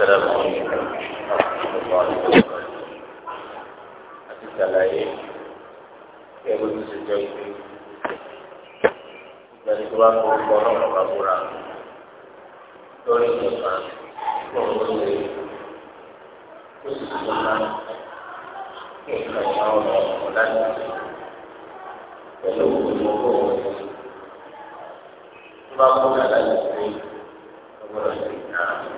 السلام عليكم ورحمة الله وبركاته أتيت علي يا أبو السجايد dari tuan korong kabura dari tuan korong khusus tuan kekayaan dan pelu buku tuan korong dari tuan korong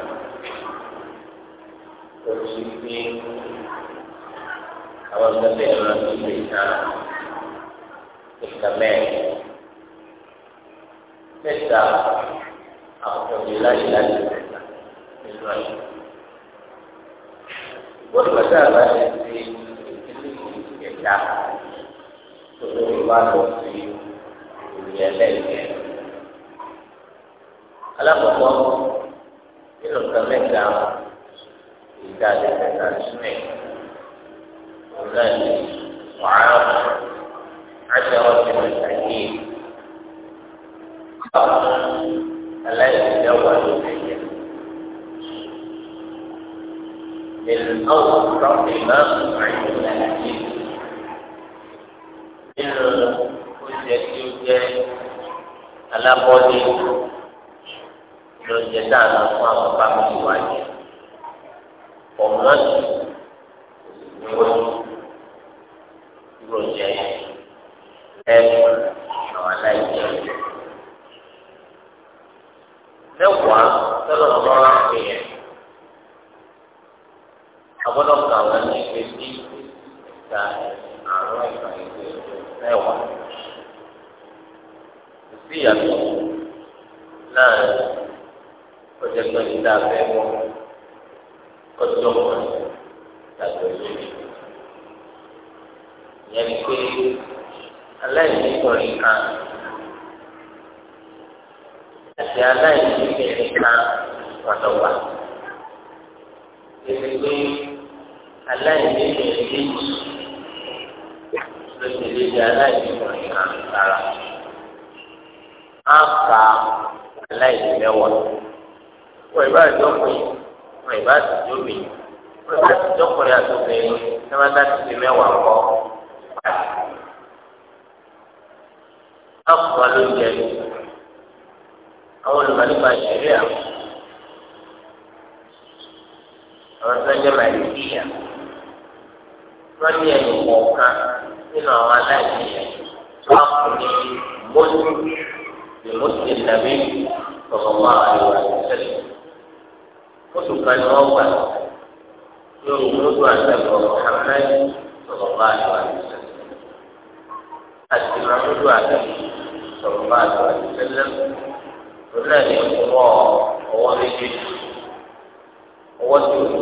òtún ní àwọn ọ̀sẹ̀ ẹ̀rọ ìlú ìta ìkàmẹ́ẹ̀ mẹ́ta àkọ́kọ́ láyé láti mẹ́ta nínú ayé. wọ́n ti pàṣẹ àgbà ṣe ti ìdílé ìta tó tó bá lọ sí ìrìn ẹlẹ́yìn. alákọ̀ọ́kọ́ nínú ìkàmẹ́ta. إذا لتناسمه هناك معامل عشرة مساكين ألا يتجوز فيه من أوسط ما عند الحديث من حجة alábọ́dé ló ń لو dáadáa fún àwọn bámi ìwájú. rọ́ọ̀tì.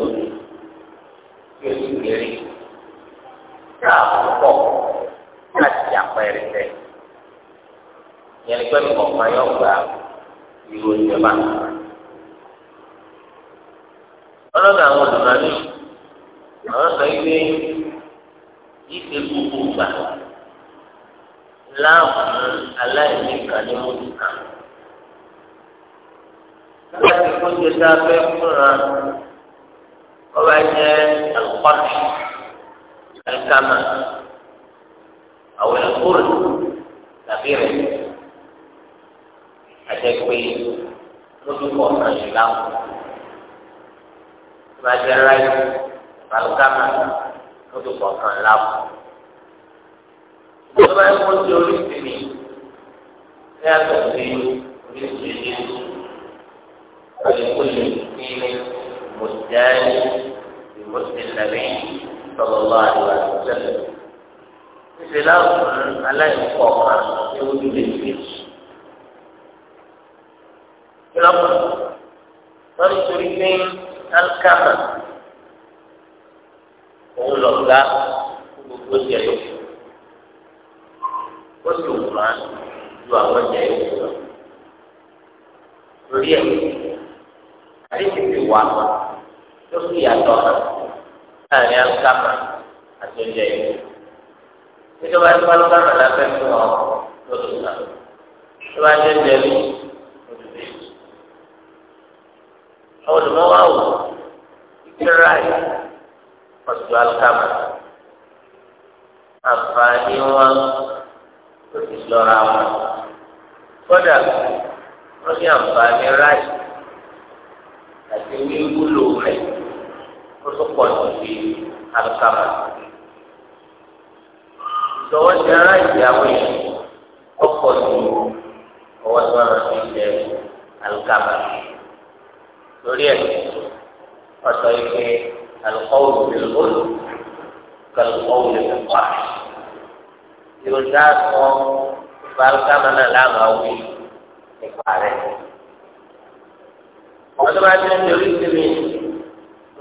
lòdì tí o sì lérí tá a pọ̀ láti àpẹẹrẹ tẹ yẹn pẹ́ẹ́lú kọ̀ọ̀kan yóò gba ìró ìjọba. ọlọ́dọ̀ àwọn olùdarí àwọn sọ pé ìṣe ọba jẹ́ ẹ̀kọ́tì ẹ̀kámà àwọn ẹ̀kúrò tàbí rẹ̀ àjẹpé lójúkọ̀ náà ṣe láwọn ọba jẹ́ ráì àlùkámà lójúkọ̀ kan láwọn ọba ẹ̀kọ́ ti orí sí mi ní àtọ̀sí orí sí mi. ولكل مسلم غسل النبي صلى الله عليه وسلم ìṣẹ̀lẹ̀ ọkùnrin aláìkọ ọkàn ní ojú lè fi ìlọpọ wọn nítorí pé alikama òun lọgá gbogbo jẹ yòókù ó sì wù wá ju àwọn jẹ yòókù lọ lórí ẹ àdéhùn ti wà tó sì yàtọ̀ náà láàrin alùpàmà àti oúnjẹ yìí níjọba tí alùpàmà la fẹ́ fún ọ lóṣù náà tó bá jẹ́ oúnjẹ mi oṣù méjì àwọn olùmọ́wá wò ìkírà yìí ọ̀sùn alùpàmà àǹfààní wọn tó ti lọ́ra wọn kódà wọ́n ní àǹfààní ráì àti wíwúlò rẹ̀ ó tún pọ̀ ní ibi alùpàpà. ìṣòwò ti ara ìyàwó yẹn ó pọ̀ ní ọwọ́ tí wọ́n lọ sí ilẹ̀ alùpàpà. lórí ẹ̀ ọ̀sọ̀ ike alùpàwò lè lóyún kàlùpàwò lè lọ́pàá. yorùbá sọ ìfọ̀ alùpàpà náà láàmú àwìn nípa ọ̀dọ́ bá ti ń dorí sí mi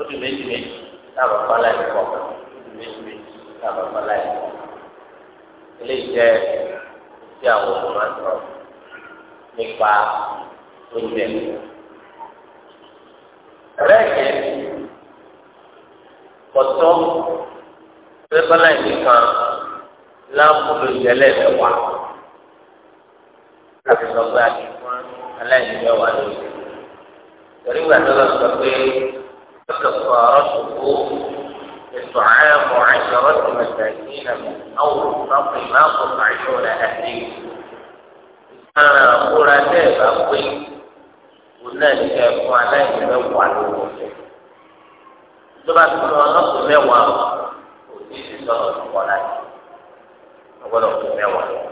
ó di méjì méjì táwọn kan láì kọ ó di méjì méjì táwọn kan láì kọ eléyìí jẹ́ ti àwọn ọmọ àtọ nípa oúnjẹ bẹ́ẹ̀ yẹn kọtọ pẹpẹlẹ nìkan láǹkóso ìjẹlẹ rẹ wà láti sọ pé àti aláìní mẹ́wàá lórí torí gbàdúrà sọ pé. كفارته إطعام عشرة مساكين من أول نصف ما تطعمون أهليه أنا أقول هذا أقول هناك أفعالين ميوعى للمسلم تبعت من نصف ميوعى وتيجي صلاة الصلاة أقول نصف ميوعى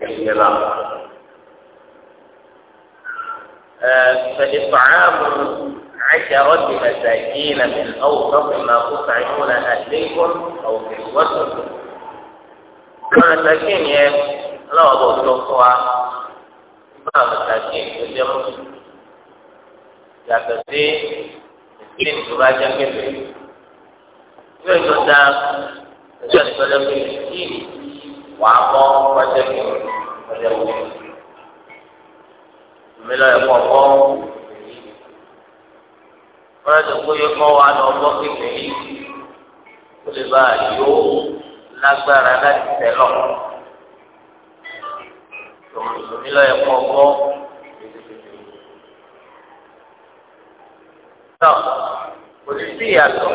بالجلال عشرة مساكين من أوسط ما تطعمون أهليكم أو كسوتكم المساكين يا لا أبو سوفوا ما مساكين يجمع yàtọ̀sí ìpín ìtura jẹ́ kébé yóò tó dá ẹjọ́ ìtọ́jú pé kí wàá bọ́ wájú kébé ọjọ́ kébé mi lọ́ọ́ ẹ̀kọ́ kọ́ wọn lè kó yẹ kọ́ wa lọ bọ́ kékeré yìí ó lè bá a yó lágbára láti tẹ̀ lọ. tòmùsùnmí lọ yẹ kọ́ bọ́ náà kò sí sí ìyàtọ̀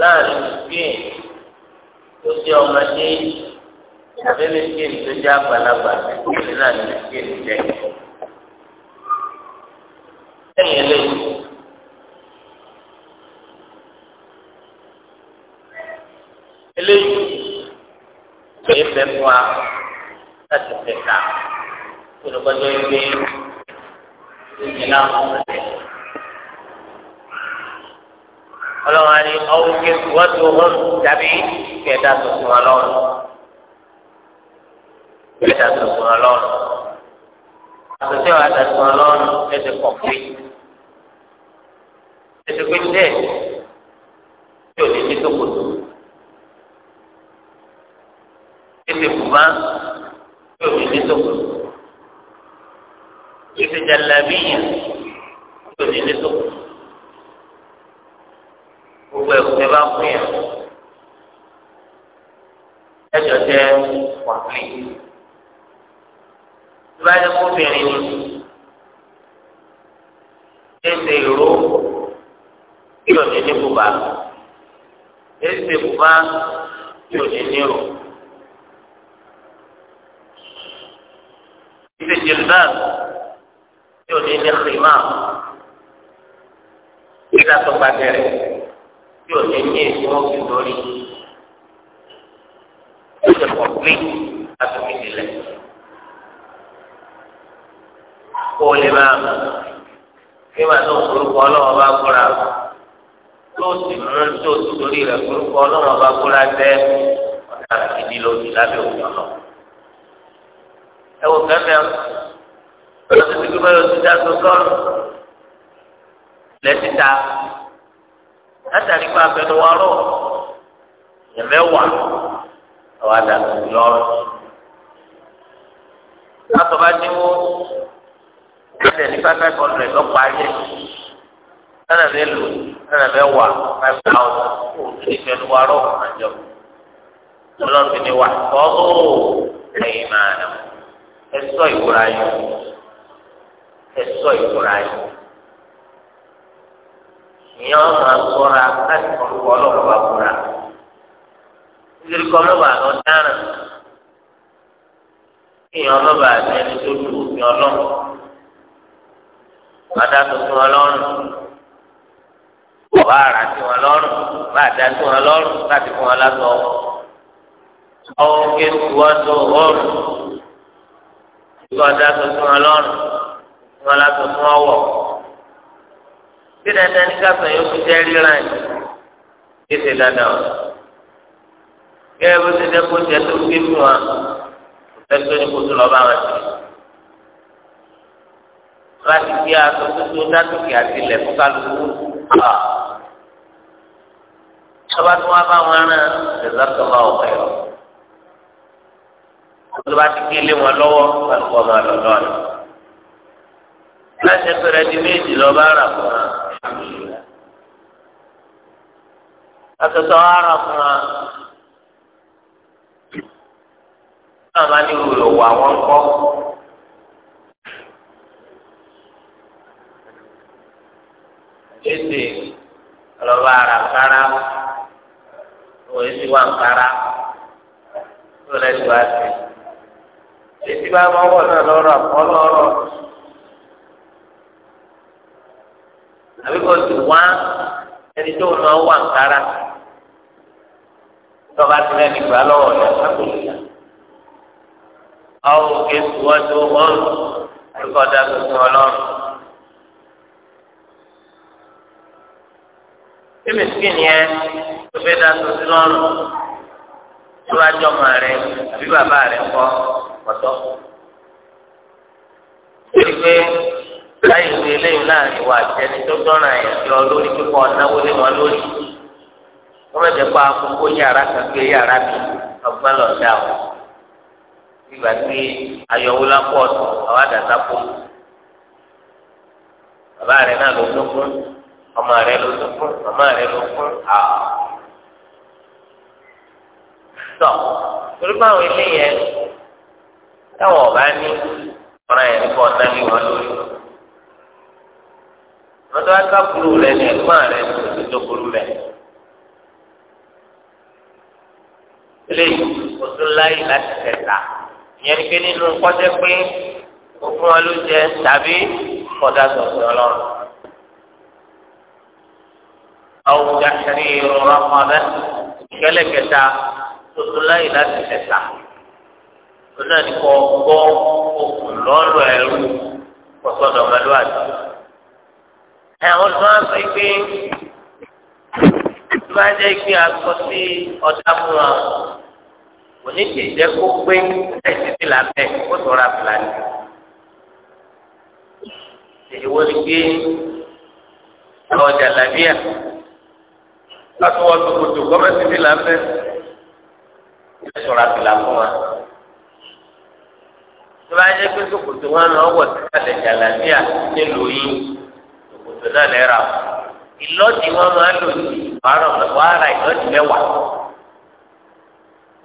láàrin mùsùlùmí tó jẹ́ ọmọdé àbẹ́lẹ́sìn tó jẹ́ àgbàlagbà nígbà tí mùsùlùmí jẹ́. yìí fẹ́ fún wa láti fẹ́ ta olùkọ́jọ́ ìgbé ìjìnlá ọ̀sẹ̀. ọlọ́run á ní ọ̀hún kí wọ́n tó hàn tàbí kẹta tuntun wa lọ́rùn. kẹta tuntun wa lọ́rùn. àtúntò àtàtúntò wa lọ́rùn ẹ̀sìn kọ̀ọ̀kan. bá yóò fi ní sọ̀kò. ìfìjàlábí bá bẹ̀rẹ̀ tí ò ní ní èsì wọn fi lórí ó ṣe pọ̀ pé àtúnmí nílẹ̀ kó o lè máa mọ̀ kí màá tó orúkọ ọlọ́wọ́ bá kóra tó o sì mú tó o sì lórí rẹ̀ orúkọ ọlọ́wọ́ bá kóra tẹ́ ọ̀dà ìdí lòdì lábẹ́ òkú ọ̀nà ẹ wò kẹ́mẹ́ ọ̀dọ́ tó ti gbé báyọ̀ ti dá tó látàrí pé abẹnú wa rọ ẹmẹ wà àwọn àdàlù lọrọ látọ̀ bá dínwó ẹsẹ̀ ní five hundred lọ parí ẹ̀ lánàá mélòó lánàá mẹ́wàá five thousand kò ní ìfẹ́nu wa rọ àjọ ọlọ́run ní wà tọ́lú ẹ̀yìn máa nà ẹ̀sọ́ ìwúra yìí ẹ̀sọ́ ìwúra yìí ìyẹn wọn máa sọra láti kọlùkọ ọlọ́run bá búra nítorí kọ mọba lọ dáràn ìyẹn ọlọba àti ẹni tó lu òfin ọlọ́run bàtà tuntun ọlọ́run ọba àrà tí wọn lọ́rùn bá àdá tí wọn lọ́rùn láti fún wọn lásọ ọwọ́ ké wọn tó ọrùn ìgbà ọdá tuntun ọlọ́run fún wọn lásọ fún ọwọ́ bí dandan ní káfíń yóò fi jẹ́ ríran yìí kí ṣe dandan o gẹ́gẹ́ bó ṣe jẹ́ kó jẹ́ tó gbé fún wa ẹgbẹ́ ní kó tó lọ́ọ́ bá wọn ṣe láti gbé aṣọ tuntun dátòkè àti ilẹ̀ fún kálukú ọba tí wọn bá wọn rán ìzọkọba ọkọ yọ tó bá ti kéle wọn lọ́wọ́ pẹ̀lú ọmọ àlọlọ rẹ láti ẹgbẹrẹ di méjì lọ bá rà fún wa asọsọ ara fún wa náà máa ní ìwúlò wà wọn kọ. ètè ọlọ́ba ara kára òun èsì wà kára tó lẹ́sìn wá sí èsì bá wọn wọ̀ náà lọ́rọ̀ ọlọ́rọ̀ àbíkọ́ tó tó wọn wà kára tọ́ba ti lẹ́nu ìgbà lọ́wọ́ ọ̀dà sákòlùyà. àwọn òkè ìwọ́jú ọ̀hún àríkọ́dá tuntun ọlọ́run. bí mìsíkìn yẹn tó fẹ́ dá tuntun lọ́rùn tó bá jọ ọmọ rẹ àbí bàbá rẹ kọ́ pọ̀tọ́. èyí pé láyé ìwé eléyìí láàrin ìwà àti ẹni tó tọ́ràn àyànjọ lórí kíkọ́ náwó lé wọn lórí wọ́n mẹ́jẹ̀ pa kókó yàrá kan gbé yàrá mi ọgbọ́n lọ dá o ìgbà tí ayọ̀wò lápò ọ̀tọ̀ àwọn àdàtà kú bàbá rẹ̀ náà ló tó kún ọmọ rẹ̀ ló tó kún màmá rẹ̀ ló kún àá. tọ́ torí báwọn ilé yẹn táwọn ọba ní ọ̀ràn yẹn nípa ọ̀tá ní wọn lórí wọn tó wá ká burú rẹ̀ ní ẹ̀gbọ́n rẹ̀ tó tó burú mẹ́rin. eléyìí kò tún láyè láti tẹ̀ta ìyẹn ni pé nínú kọ́jẹ́ pé òfin wọn ló jẹ tàbí kọ́dà sọ̀tún ọlọ́run. àwùjọ àṣírí ìrora kan rẹ ìkẹlẹ kẹta tó tún láyè láti tẹ̀ta tó náà ní kọ́ gbọ́ òkun lọ́rọ̀ ẹ̀rú kọ́sọ́dọ̀ ọmọlúwàbí. ẹ̀ tún á sọ pé tó bá jẹ́ pé a sọ sí ọ̀dà fún wa òní kì í jẹ́ kó pé ẹ̀sìn ti là bẹ́ẹ̀ kó sọ̀rọ̀ àbúlà ni. èèwọ̀ ni pé ọjà làbíà látọwọ́ tòkòtò gọ́mẹ̀ntì ti là bẹ́ẹ̀ kó sọ̀rọ̀ àbúlà fún wa. tó bá yẹ pé tòkòtò wọn náà wọ̀ sí kàlẹ̀ jà làbíà nílùú yìí tòkòtò náà lẹ́ra ìlọ́dì wọn máa lò sí wàhálà ìlọ́dì mẹ́wàá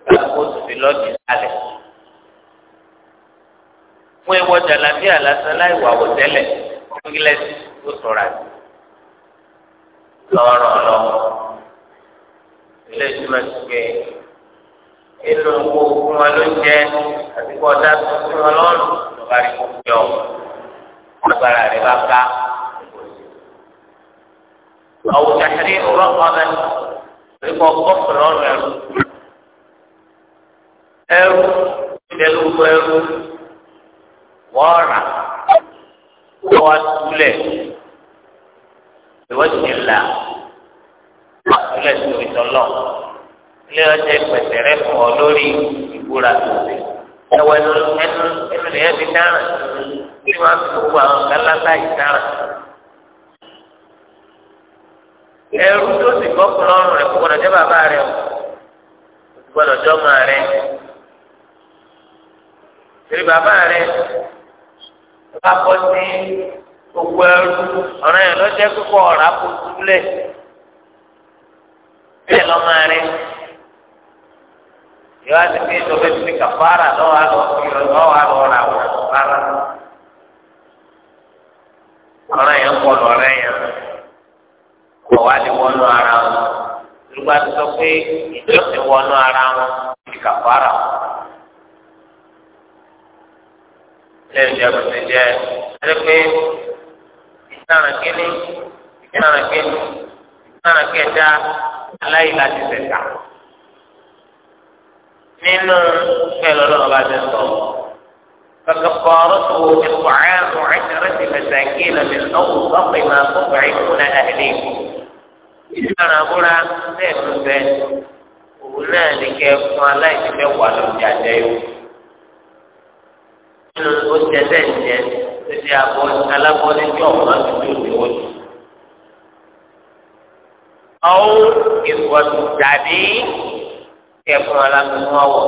kó tó fi lọ́ọ̀dì sálẹ̀. fún ẹwọ jàlábíà lásán láì wà wò tẹ́lẹ̀ ingilẹ́sì tó sọ̀rọ̀ àti lọ́rọ̀ lọ́wọ́. ilé ìtumọ̀ ti pé inú owó fún wọn ló jẹ́ àti ọ̀dà tó fún wọn lọ́rùn lọ́ba rí kó fi agbára rẹ̀ bá ká. أو تحرير رقبة رقبة أخرى ẹrú ìdẹ́lú gbogbo ẹrú wọ́n rà wọ́n wá túlẹ̀ ìwọ́sì ní là túlẹ̀ sí ìtọ́lọ̀ ilé ọjà ìpèsè rẹ fún ọ lórí ìbúra tó ṣe ẹwọ ẹnu ẹnu ẹnu lè ẹbí dára bí wọn fi gbogbo àwọn kálátà yìí dára ẹrú tó sì gbọ́ kúlọ́ọ̀rùn rẹ kó gbọdọ̀ jẹ́ bàbá rẹ o gbọdọ̀ jọ́ máa rẹ. èrè bàbá rẹ bá bọ́ sí gbogbo ẹrú ọ̀ràn yẹn lọ́jọ́ pípọ̀ ọ̀rá kò túlẹ̀ bẹ́ẹ̀ lọ́mọ rẹ yóò ti fi ìjọba ti kàfàrà lọ́wọ́ àlọ́ lọ́wọ́ àlọ́ rà wọ́n rárá yẹn kọ́ lọ́rẹ́ yẹn wá ara wọn ara wọn kàfàrà wọn. ilé ìjẹ́ bó ti jẹ́ ẹ pé ìtara kínní ìtara kínní ìtara kẹta aláìláti tẹ̀ka nínú pẹ̀lú ọlọ́run bá ti sọ. فكفارته إطعام عشرة مساكين من أوسط ما تطعمون أهليكم أنا أقول سيد سيد هنالك ما لا يتبوى لهم جاجيهم nínú oúnjẹ tẹ̀síẹ̀ títí àbọ̀ alábọ́lé tí ọ̀pọ̀ láti tó ti wọ́n jù. ọ̀hún ìwọ̀sùn tàbí kẹfún alágbèmọ́ wọ̀.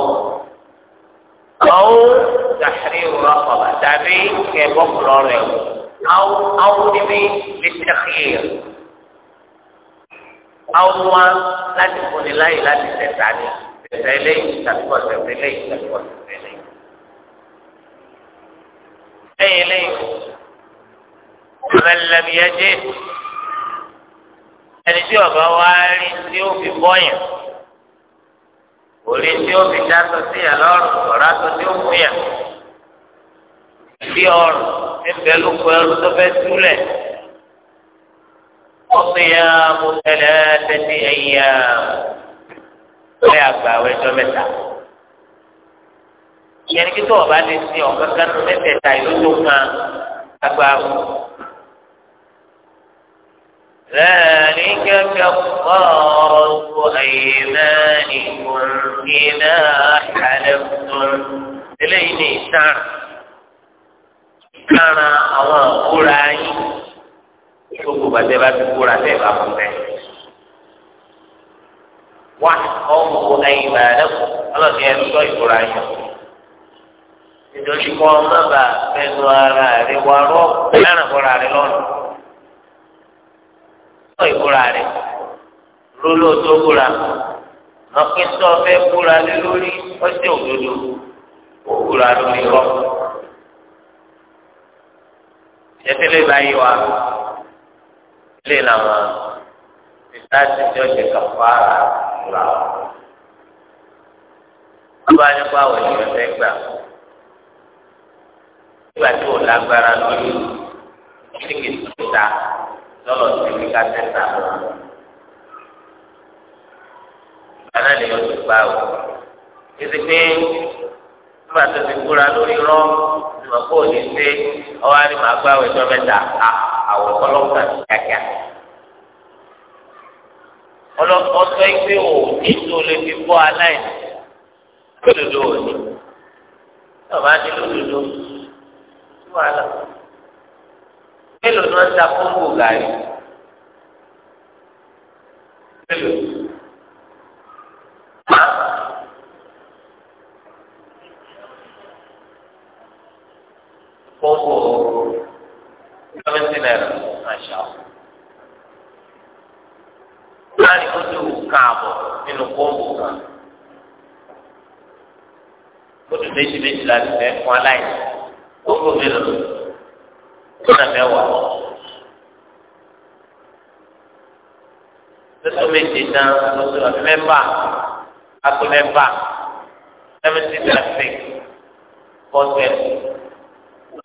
ọ̀hún tàhírí rọ̀ ọ̀bà tàbí kẹfọ́ kúrọ̀ rẹ̀ wọ̀. ọ̀hún níbi bìtẹ̀kìr. ọ̀hún wa láti fúnni láyè láti tẹ̀sán ní tẹ̀sán eléyìí tàbí kọ̀ọ̀tẹ̀sán eléyìí tàbí kọ̀ọ̀tẹ̀sán eléyìí. lẹ́yìn lẹ́yìn ọmọlẹ́mi ẹjẹ ẹni tí ọba wa rí tí ó fi bọ́yìn orí tí ó fi dáṣọ sí ẹ lọ́rùn ọ̀rá tó tí ó fún yà bí ọrùn níbẹ̀ ló kọ tó fẹ́ túlẹ̀ ọ̀sẹ̀ yà mo tẹ̀lé tẹ̀sí ẹ̀yà ẹ̀ àgbà wẹ́jọ́ mẹ́ta ìyẹn ní kí tó ọba lè sin ọ̀ kankan tó mẹ́tẹ̀ẹ̀ta ìlú tó kan agbára. ذلك كفارة أيمانكم إذا حلفتم إليه سعر كان الله قرآن gbogbo bàtẹ bá ti kóra tẹ bá fún bẹ wá ọmọ ọmọ ayé bàtẹ ọlọsìn ẹni tó ìkóra yẹn nítorí kọ́ ọmọ bá fẹnu ara rẹ wà rọ lẹ́rìn fúnra rẹ lọ́nà lọ́ ìfúra rẹ róló tó kúra lọ́pẹ́ tó fẹ́ kúra lé lórí ọ̀sẹ̀ òdodo ó kúra lórí rọ. ìṣẹ́tẹ́lẹ̀ báyìí wa lè làwọn ìdájí tí ó ṣe kàfàrà rà. wọ́n bá nípa àwọn ìrẹsẹ̀ gbà nígbà tí ò lágbára lórí kíkì tuta lọ́lọ́ sí ní kásẹ̀tà wọn. Ìgbàlá ni yóò ti gbà o. Títí pé nígbà tó ti kúra lórí rọ́ ìmọ̀ kó o ní ṣe ọwọ́ á ní màá gbà o ìjọ mẹ́ta àwọn ọlọ́pàá ti kíákíá. Ọlọ́pàá sọ pé o ní tó lè fi bọ́ aláìsí lódodo òní. Bàbá ní lódodo sí wàhálà mélòó ni wọ́n ta kóńgò gàrí mélòó kóńgò seventy naira masha láàrin tó tó káàbọ̀ nínú kóńgò kan mo tún méjì méjì láti fẹ́ fún aláìsí kókò mélòó lọ́nà mẹ́wàá lọ́sọ̀ méje tán lọ́sọ̀ àti mẹ́fà àti mẹ́fà seventy three six four seven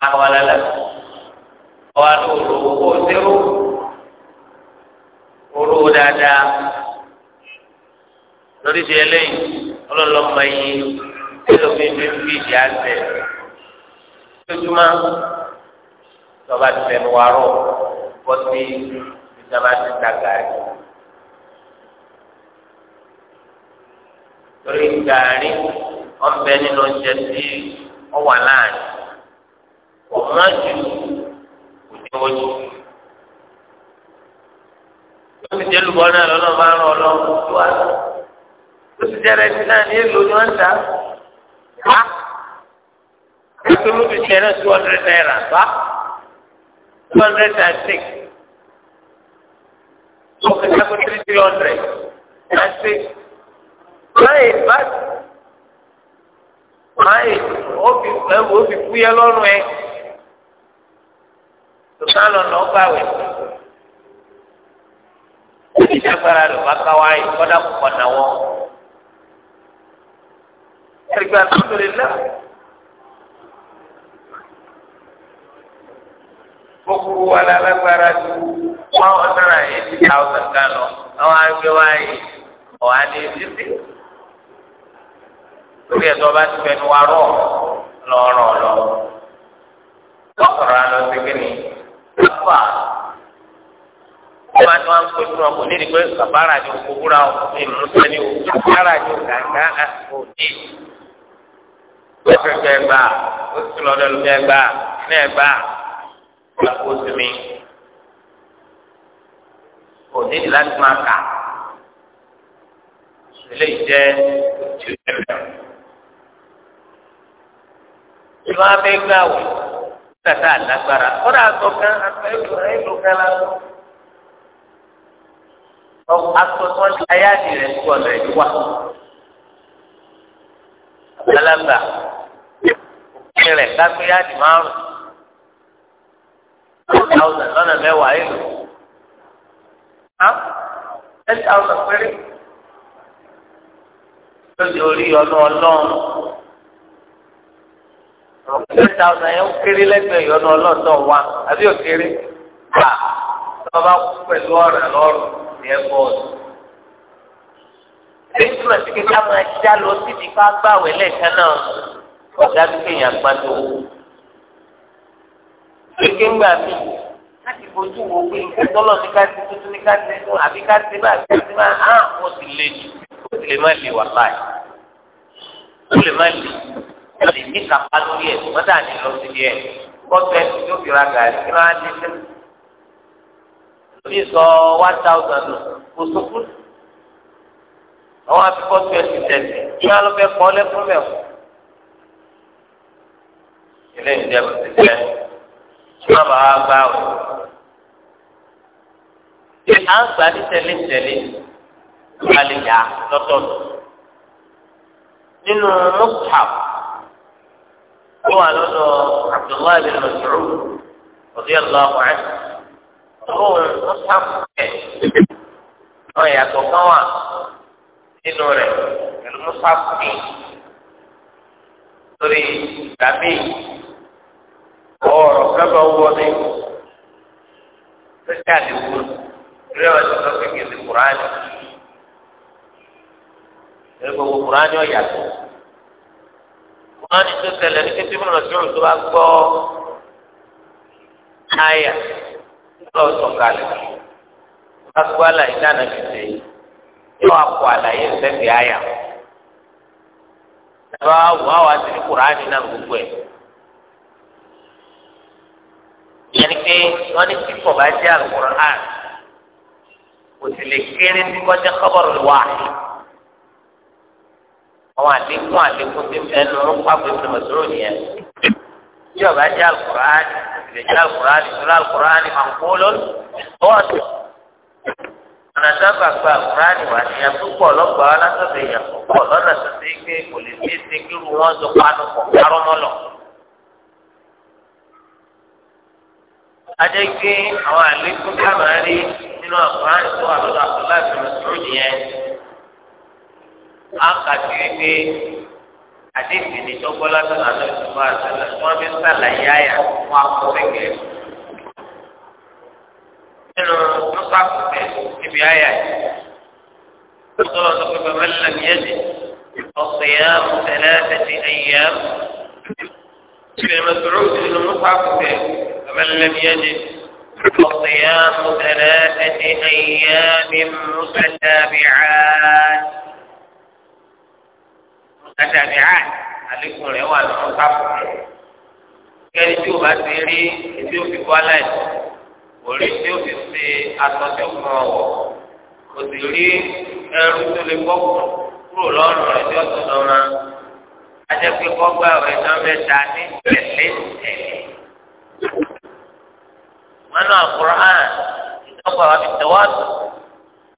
àwọn alẹ́ ọwọ́ àti olówó kó zero olówó dáadáa lórí ti ẹlẹ́yìn ọlọ́lọ́mọ yìí ẹlòmíín fi ń fi ìdí lójúmọ́ tọba ti fẹnu wa rọ bọtí ìjọba ti ta gàrí torí gàrí ọbẹ nínú oúnjẹ tí ó wà láàrin kò má ju kò ní wọ́n ju ó sì jẹ́ lùbọ́ náà lọ́nà bá rán ọlọ́run tó wà ó sì jẹ́ rẹ́sí náà ní èlò ni wọ́n ń ta. Ketulu di sana 200 naira, pak. 200 asik. So, kita pun 300. Asik. Baik, pak. Baik. Obi, obi kuya lọ́rùn ẹ. Tukan lọ nọ báwẹ̀. Ìjàgbára rẹ̀ bá káwá yìí, kọ́dà kò kọ̀ náwọ́. Ẹgbẹ́ àtúntò lè lẹ́wọ̀. kókóró wa lálágbára ju one hundred and eighty thousand kan lọ àwọn àgbẹ̀ wa yìí ọ̀hán ní títí lórí ẹ̀tọ́ bá ti fẹnu wa rọ̀ lọ́rọ̀ lọ. lọ́kọ̀ọ̀rọ̀ àlọ́ sí kí ni wọ́pà wọ́n máa ní wọ́n ń pèsè wọn kò ní ìdí pé bàbára ni òkú wúra òkú ìmúṣẹ́ ni òkú bàbára ni òkàǹkà òdì. ẹ̀fẹ̀ fẹ́ gbà ó sì lọ́dọ̀ lọ́dọ̀ gbà ní ẹ̀gbà gbàgbóso mi kò ní ìdí láti máa kà eléyìí jẹ́ ojú ẹ̀rọ. ìlú abẹ́ gbà wọ̀ kàtà àlágbára kọ́dà àtọ̀ kan àtọ̀ ẹ̀rọ kan lásán. Aṣọ tí wọ́n ti ayé àdì rẹ̀ sí ọ̀nà ẹ̀dí wá. Àgbàlagbà òkè thousand lọ́nà mẹ́wàá yìí lò á eight thousand péré lórí orí ọ̀nà ọlọ́run eight thousand yẹn kéré lẹ́gbẹ̀ẹ́ ìyọnu ọlọ́run tó wá àbí òkéré gbà tó bá kú pẹ̀lú ọ̀rẹ́ lọ́rùn ní airport. èyí túmọ̀ sí kíkà máa já lọ síbi ká gbàwé lẹ́ẹ̀kan náà ọ̀gá tó kéèyàn gbá tó. kékeré gbà mí láti fojú wo pé ìtọ́lọ̀ ní ká ti tuntun ní ká ti tó àbí ká ti bá àbí ká ti bá á wọ́n ti lè jù ó ti lè má lè wà láì ó lè má lè ó lè ní kápá lórí ẹ̀ wọ́n dà ní lọ sí díẹ̀ kọ́tù ẹ̀ tó fi ra gàrí kí wọ́n á ti tẹ́ lórí sọ one thousand kò sókú àwọn afikọ́ tó ẹ̀ ti tẹ̀sí kí wọ́n á lọ fẹ́ kọ́ lẹ́kún mẹ́wọ̀ ilé ìjẹun ti tẹ́ má bàa gbà o ṣe à ń gbà ní tẹ̀léńtẹ̀lé wà lè yà lọ́tọ̀ọ̀tọ̀ nínú mustaf tó wà lọ́dọ̀ abdullahi bin mas'ud radiyallahu anhu tó mustaf kẹ̀ ọ̀ yàtọ̀ kan wà nínú rẹ̀ pẹ̀lú mustaf kẹ̀ torí tàbí ọ̀rọ̀ kẹfà wọ ní sẹsẹ àdìgbò rẹ wọn ti sọ pé kí n ti kúránì ẹ gbogbo kúránì ọ̀yàtọ̀ kúránì tó tẹlẹ ní kété múlò sí òun tó bá gbọ́ àyà lọ sọ̀kalẹ̀ bá gbọ́ àlàyé dáná fi ṣe yóò akọ àlàyé sẹ́fì àyà ẹ bá wọ àwọn àti ní kúránì náà gbogbo ẹ̀. yẹn ni pé wọ́n ní tí kò bá jẹ́ Al-Qur'an kò sì lè kéré tí kò jẹ́ khabarul wahid àwọn àlékún àlékún tí ẹnu ń pàgbé fún mọ̀sọ́rọ̀ nìyẹn tí ọba jẹ́ Al-Qur'an kò sì lè jẹ́ Al-Qur'an ìṣúra Al-Qur'an màkúló ọ̀dọ̀ ànàdàgbà gba Al-Qur'an wà ní ẹ̀fúpọ̀ lọ́gbàá lásọ̀tẹ̀ ẹ̀fúpọ̀ lọ́nà tó ṣe kò lè ṣe adé gbé àwọn àlékún kámàá rí nínú àkùrán tó wà lọ́dọ̀ àkùrán tó lọ sọ̀rọ̀ nìyẹn. a kà sí wípé àdéhùn ní tọ́gbọ́n látọ̀ àná ìṣòro àtàlà tí wọ́n fi ń sàlàyé àyà wọn akọ nínú nípa níbi àyà yìí tọ́lọ̀ tó pé bàbá lẹ́nu yẹn ti ọ̀sẹ̀ yẹn mú tẹ̀lé ẹ̀ ابن مسعود بن مصعب فمن لم يجد فصيام ثلاثة أيام متتابعات متتابعات عليكم رواه المصحف kẹ́ni tí o bá ti rí tí o fi wá láì orí tí o fi ṣe àtọ́jú kan ọ̀wọ́ o sì rí ẹrú tó lè bọ́ kúrò lọ́rùn rẹ̀ tí o tó lọ́rùn adẹ́gbẹ́ kọ́gbà ọ̀ẹ́dọ́ mẹ́ta ní tẹ̀lé tẹ̀lé. wọn náà kúrọ́án ìdọ́gba wa fi tẹ̀wọ́ tó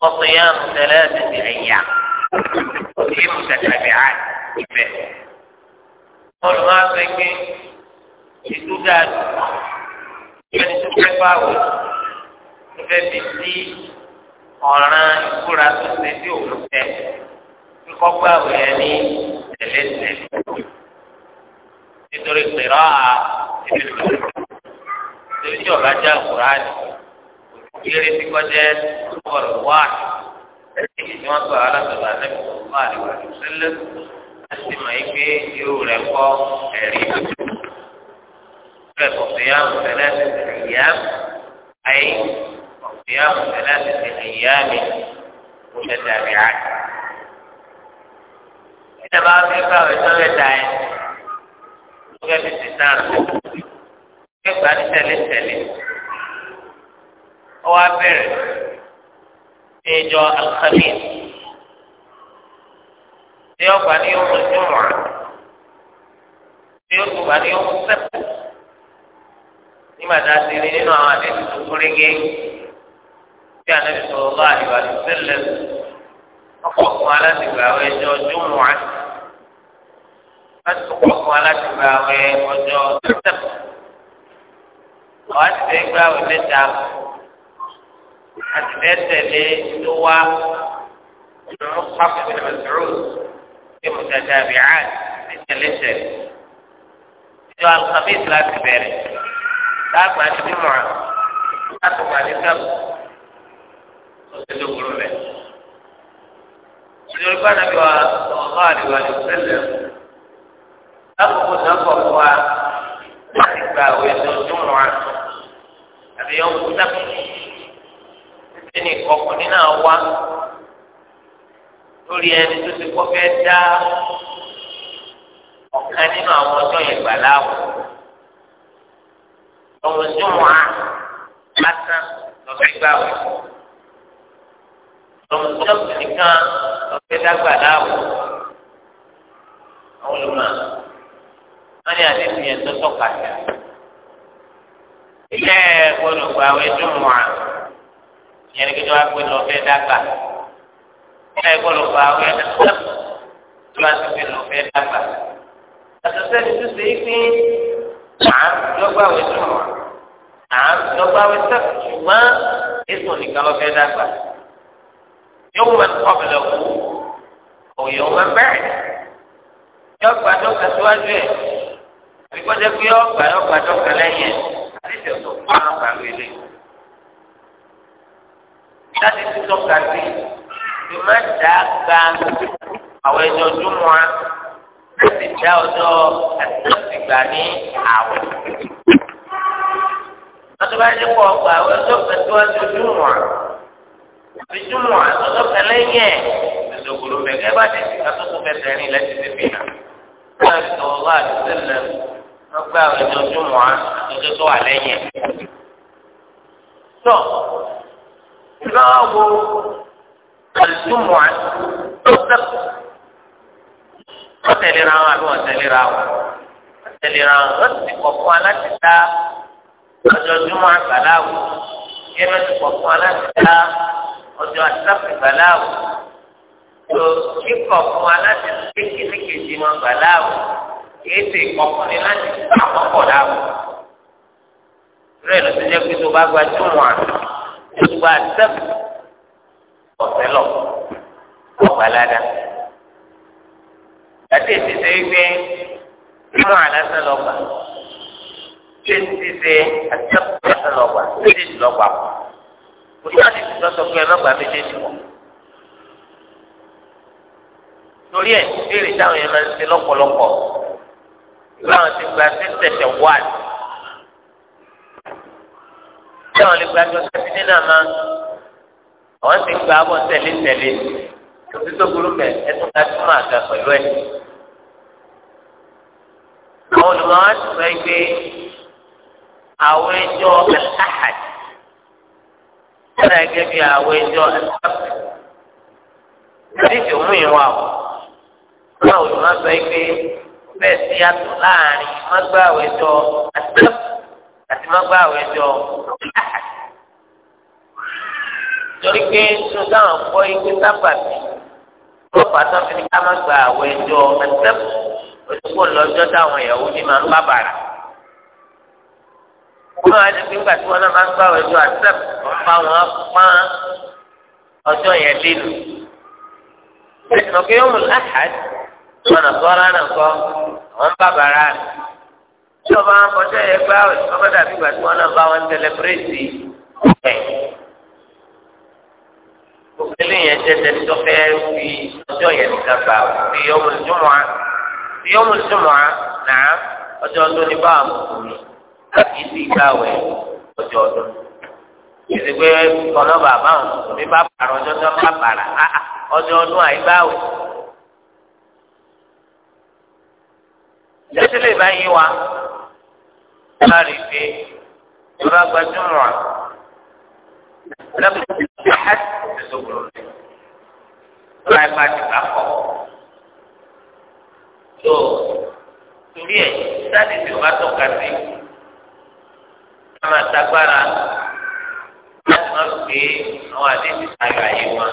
ọkùnrin yẹn mú tẹ̀lé tẹ̀lé ẹ̀yà òbí mú tẹ̀lé bẹ̀rẹ̀ ibẹ̀. olùmọ̀ afẹ́gbẹ́ ìdúdàdù ìfẹ́ni tó fẹ́ báwò ìfẹ́ bí sí ọ̀ràn ìkúra tó ṣe sí òun tẹ̀ kíkọ́gbà ọ̀ẹ́ ní. ẹlẹ́sẹ̀ nítorí pẹ̀rọ à ẹbí lò nítorí tí ọba já kúránì òkúkéré tí kọjá ọ̀rọ̀ wá ẹ̀sìn tí wọ́n gbà alásọ̀rọ̀ àlẹ́kùn wà lẹ́wà ló sílẹ̀ láti mọ̀ yí pé irú rẹ̀ kọ́ ẹ̀rí rẹ̀ kò fi hàn tẹ́lẹ̀ ìyá ayé kò fi hàn tẹ́lẹ̀ ìyá mi kò lẹ́tà rẹ̀ àgbà. ìjọba afẹ́fẹ́ àwọn ìtọ́lẹ̀ dà ẹ́ lókè bí sísan ẹgbàá ní tẹ́lẹ̀tẹ́lẹ̀ ọwọ́ abẹ́rẹ́ ní ìjọ alkhamis ní ọgbà ní yóò mú jùmọ̀ ní oṣù gbà ní yóò mú sẹ́pù nígbà tá a ti rí nínú àwọn àdéhùn tó kúrégé bí ànábì sọ̀rọ̀ bá àdìbò àdìbò ọkọ̀ ọ̀kan aláṣẹ̀gbà ẹjọ́ jùmọ̀ àti láti kọ́ fún wa láti gba àwẹ̀ ọjọ́ sẹ́tẹ̀mù ọ̀ àti fẹ́ gba àwẹ̀ mẹ́ta àti fẹ́ tẹ̀lé tó wá ìrún pápá ìbílẹ̀ mẹ́tìrú ní mùtàdà àbíyá ní tẹ̀lé tẹ̀lé ìjọ alùpàbíyèsí láti bẹ̀rẹ̀ láàgbà ní bímọ láti wà ní sẹ́mù ọ̀sẹ̀ tó kúrò rẹ̀. ìjọba nàbí wa ọ̀gá àdìwà ní sẹ́lẹ̀ lákòókò náà kọ̀ fún wa láti gba àwẹ̀ lójúmọ̀ wa àbí ọ̀hún kú sábà títí ní ọkùnrin náà wá lórí ẹni tó ti kọ́ fẹ́ dá ọ̀kan nínú àwọn ọjọ́ yẹn gbà láwọ̀ ọ̀hún júmọ̀ wa lásán lọ́fẹ́ gbà wọ̀ ọ̀hún jọ́ọ̀bù nìkan lọ́fẹ́ dá gbà láwọ̀ àwọn olùmọ̀ wọn ní àdéhùn yẹn tó tọ́ka sí. ilé gbọ́dọ̀ gba àwọn ẹjọ́ mọ à ìyẹn ní kíjọba pé lọ fẹ́ dàgbà ilé gbọ́dọ̀ gba àwọn ẹjọ́ tó bá ti pé lọ fẹ́ dàgbà. àtúnṣe ti tún ṣe é pé à ń lọ́gbà àwọn ẹjọ́ mọ à ń lọ́gbà àwọn ẹjọ́ ṣùgbọ́n èso nìkan lọ fẹ́ dàgbà. yóò wọ́n kọ́ bẹ̀rẹ̀ kú òye wọn bẹ̀rẹ̀ yọ̀gbà tó kẹsíwájú ẹ̀ àbíkọ́jẹ́ pé ọgbà ọgbà dọ́kà lẹ́yìn àdéhùn ọ̀tọ̀ fún ọgbà wẹlé. láti tún dọ́kà sí ni má dàá ga àwọn ẹni ọdún mọ́ a láti dá ọjọ́ àtúntìgbà ní àwọ̀. wọ́n tó bá ní kọ́ ọgbà àwọn ẹjọ́ pẹ̀lú ọjọ́ ọdún mọ́ a àbí júmọ̀ àtọ́jọ́ kẹlẹ́ yẹn ìdògbòló mẹ́gẹ́ bá ti sìkà tó tó fẹsẹ̀ rìn lẹ́sìn tẹ̀mí náà. wọ́n ọgbà ọjọ́ júmọ á ọjọ́ tó wà lẹ́yìn ẹ tó náà wo àlùjúmọ á tó sẹpù wọn tẹ̀léra wọn àbí wọn tẹ̀léra wọn tẹ̀léra wọn wọn sì kọ fún wa láti dá ọjọ́ júmọ àgbàláwò yẹ wọn sì kọ fún wa láti dá ọjọ́ àtàkùn àgbàláwò tó kíkọ fún wa láti kékeré kejì wọn àgbàláwò kìí ṣe ni láti àkọ́kọ́ dáàbò rẹ̀ ló ti jẹ́ pé tó bá gba jùmọ̀ à tó gba sẹ́pù ọ̀sẹ̀ lọ ọgbà ládàá àti èsì ṣe wípé jùmọ̀ àlásán lọ́gbà ṣé ti ṣe àtẹ́pù àlásán lọ́gbà méjèèjì lọ́gbà kù kò sí àti ìtọ́sọ pé ẹlọ́gbà méjèèjì wọ̀ torí ẹ̀ béèrè táwọn yẹn máa ń ṣe lọ́pọ̀lọpọ̀ láwọn ti gba sísẹ̀sẹ̀ wá ní. bí àwọn lè gba tó sẹ́sí nínú àmà àwọn ti gba àbọ̀ tẹ̀lé-tẹ̀lé tòbí tó burú bẹ̀ ẹ̀sùn ká tó máa ga pẹ̀lú ẹ̀. àwọn olùmọ̀ wá ti sọ pé àwọn ẹjọ́ aláhàd sọ́dà gẹ́gẹ́ bí àwọn ẹjọ́ aláhàd ìdíje òmùyẹn wà àwọn olùmọ̀ sọ pé bẹ́ẹ̀ sí yàtọ̀ láàrin mọ́gbàwẹ́jọ àti mọ́gbàwẹ́jọ torí pé nínú táwọn gbọ́ ike sábàbí ló pàtó fi ní ká má gba àwẹ̀jọ àtẹ́pù òtúkò lọ́jọ́ táwọn ìyàwó ní máa ń bá bàrà. wọ́n á ti fi gbà tí wọ́n náà máa ń gba àwẹ̀jọ àtẹ́pù wọ́n bá wọn pọ́n ọjọ́ yẹn lélu. ẹ̀sìn ọ̀kẹ́ ọ̀nà sọ́ra náà na nkọ bá bàrà rẹ̀ ọba wọn kọjá yẹ gbá ọba dàbí ìgbà wọn náà bá wọn tẹlẹbírẹ́tì ẹ̀ gbogbo eléyìí ẹ̀jẹ̀ tẹ̀lé tó fi yẹn nìkan gbà fi ọmọ ìjùmọ̀ á fi ọmọ ìjùmọ̀ á nà á ọdún ní bá ọdún bá tẹ́sílẹ̀ báyìí wa láàrin pé ìrora gbajúmọ̀ lẹ́kùn tí a ti sọ̀rọ̀ rẹ̀ lọ́la ẹ̀ka ti bá kọ́. tó torí ẹ̀ sáàdì tí o bá tọ́ka sí a máa tagbára láti má pé àwọn àdéhùn ayọ̀ ayé wa.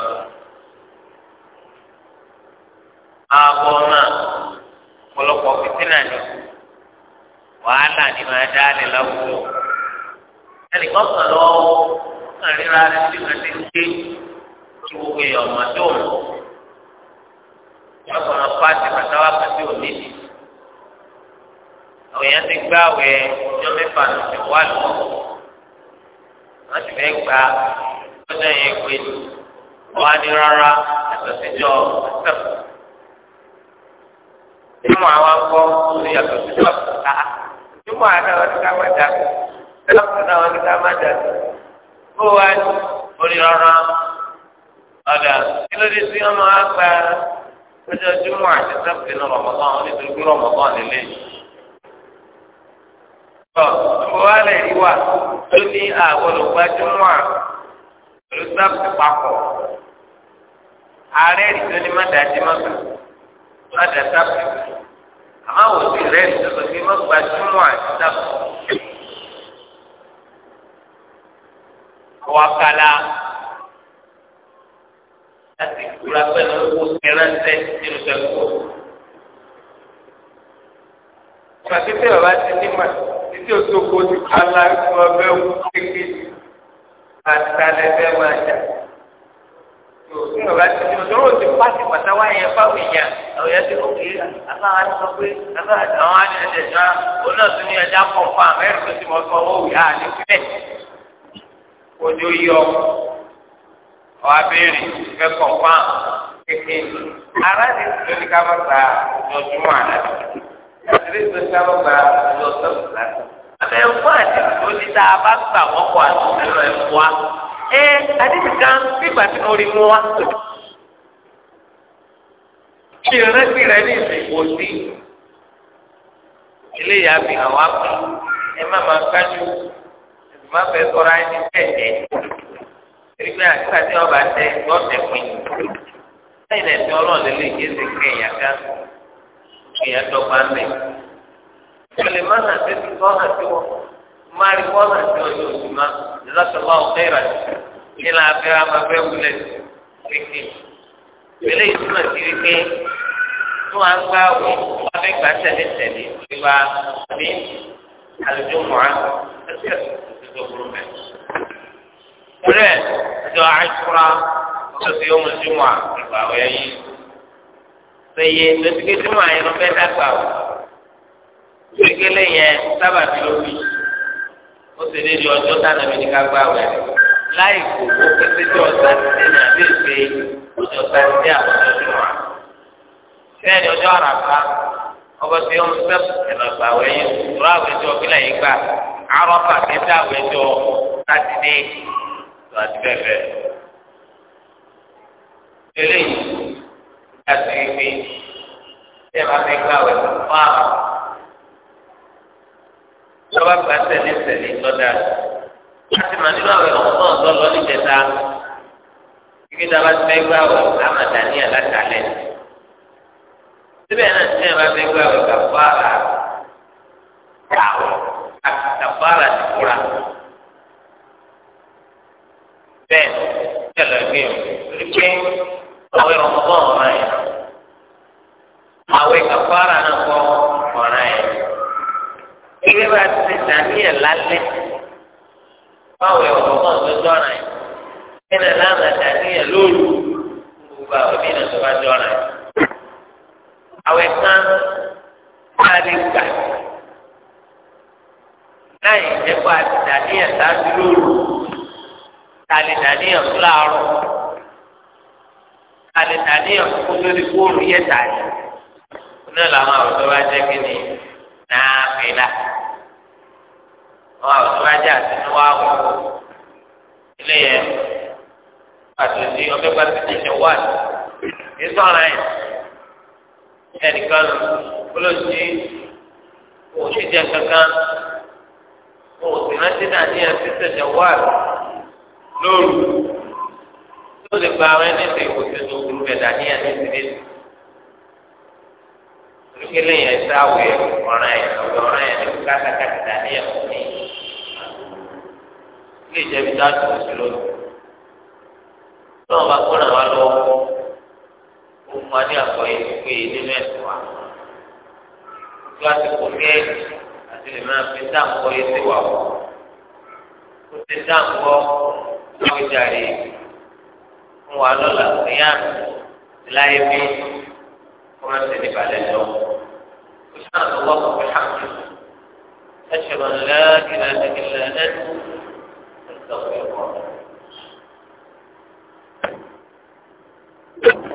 ààbọ̀ náà ọ̀pọ̀lọpọ̀ fìtínà ni wàhálà ni màá dá lè láwùjọ ẹnìkan kan lọ kàn ríra rẹ sí ká ti gbé tí gbogbo èèyàn ọmọ tó ń wọn kàn máa pa àti pàtàwà pàtó níbi àwọn èèyàn ti gbá àwẹ̀ ọjọ́ mẹ́fà ló ti wà lọ wọn ti fẹ́ gba ọjọ́ yẹn pé wọn á ní rárá àtọ̀síjọ́ àtọ̀síjọ́. ìmọ̀ àwọn akọ ní yàtọ̀ sí lọ́pù ká ìmọ̀ àná ní ká dà lọ́pù náà ní ká dà ó wá orí ọ̀rọ̀ ọ̀dà kí ló dé sí ọmọ àti nítorí pé nílé tọ́ ọmọ wa lè rí wa ní papọ̀ ààrẹ má má padà sábà àmọ́ àwọn òbí rẹ̀ ìjọba fi wọ́n gba túmọ̀ àti sábà. Wakala láti kúra pẹ̀lú owó ìránṣẹ́ nínú sẹ́kọ̀ọ́. Ìgbàgbé tí bàbá ti ní mà títí òṣogbo ti kálá ẹ̀kọ́ ọbẹ̀ kékeré àti alẹ́ fẹ́ máa jà ní ọba ti ti lọ́wọ́ ti pàṣẹ pàtàwá yẹn fáwọn èèyàn àwọn èèyàn ti kókè afáwa ti sọ pé afáwa ti àwọn àti ẹ̀jẹ̀ náà òun náà tún ní ẹja pọ̀ fún àwọn ẹ̀rọ tó ti mọ̀ fún owó ìyá àti fílẹ̀ ojú yọ ọba béèrè fẹ́ pọ̀ fún àwọn kékeré ara ti tó ní ká bá ta ọjọ́júmọ́ àná àti tó ní ká bá ọjọ́ sọ́ọ̀tì láti àbẹ̀wò àti tó ẹ àdéhùn kan nígbà tí mo rí mu wá tó kí ìrántí rẹ ní ìsìn kò sí eléyà fi hàn wá pé ẹ má kájú má ayé ní tẹ̀tẹ̀ pé àtúntà tí tẹ tẹ pin ẹsẹ ká mẹ má marijuana ti o yóò ti ma lọ́sọ̀lá ọ̀kẹ́rà ní la fẹ́ amafẹ́ wulẹ̀ kéke pẹ̀lú ìtumọ̀ sí wípé tó wàá gbá wọ abẹ́ gbà tẹ̀lé tẹ̀lé ìwà ní àlùjọ mọ́ra ẹsẹ̀ tó burú mẹ́. Kúrẹ́ ìjọ àìsúra tó fi ọmọ jùmọ̀ ìgbà wẹ̀ yìí. Sèye lọ́sibítì mọ́ àyẹ̀lọ́ bẹ́ẹ̀ dàgbà o. Sèkélé yẹn sábà fi lóbi ó sì lé ní ọjọ́ tá nàbí ní ká gbá wẹ̀ láì kò ó pété tí ọ̀sá ti dé ní àbí ìgbé ọjọ́ tá ti dé àbọ̀jọ́ tó wà. bẹ́ẹ̀ ni ọjọ́ àràfà ọba tí wọ́n fẹ́ ẹ̀nà gbà wẹ̀ yẹn rọ àwọn ẹjọ́ ìbílẹ̀ yìí gbà àrọ́fà ti dá àwọn ẹjọ́ sátidé tó àti bẹ́ẹ̀ bẹ́ẹ̀. eléyìí láti rí pé ṣé ẹ máa fi gbà wẹ̀ fún àwọn lọ́ba gba tẹ̀lé tẹ̀lé lọ́dà láti mà nínú àwọn ọmọ náà lọ́lọ́ ní tẹ̀ta kíkí tá a bá ti fẹ́ gbà wọ̀ àmà dàníyà látàlẹ̀ síbẹ̀ náà tí a bá fẹ́ gbà wọ̀ kàfàrà kàwọ̀ kàfàrà ti kúra bẹ́ẹ̀ ní ẹ̀lọ́ ìgbìyànjú rí pé ọ̀wé ọmọ. dàníyàn lálẹ́ báwo ẹ̀ ọ̀dọ́ kan tó jọra yìí nínú ẹ̀láàmà dàníyàn lóru gbogbo àwọn nínú tó bá jọra yìí. àwẹ̀ kan láti gbà láì jẹ́ pé àti dàníyàn sáájú lóru tàlí dàníyàn tó láàárọ̀ tàlí dàníyàn tó lórí fóònù yẹ tàyè. náà làwọn ètò ara yẹn ẹnìkan olóòtú òun ti jẹ kankan òun sì rántí náà ní ẹsẹ tẹsẹ wá lóru tó lè gba àwọn ẹni tó ìwòsàn tó burú bẹ dání ẹni tó lè lókèlè yẹn sáwọ yẹn ọ̀ràn yẹn ọ̀ràn yẹn ní kátàkátà dání ẹni tó lè lè jẹ bí dáàtò òsì lónìí. lọ́wọ́ bá kó náà wá lọ́wọ́ fún wa ní àgbọ́yé pípé nínú ẹ̀sìn wa tí wàá ti kò gẹ́ àti lè máa fi dáǹkọ́ yé sí wa wọ̀ kó ti dáǹkọ́ lọ́wọ́ jàre fún wa lọ́la ìyá láyé bí kó má ti di balẹ̀ lọ. سبحان الله وبحمده أشهد أن لا إله إلا أنت أستغفر الله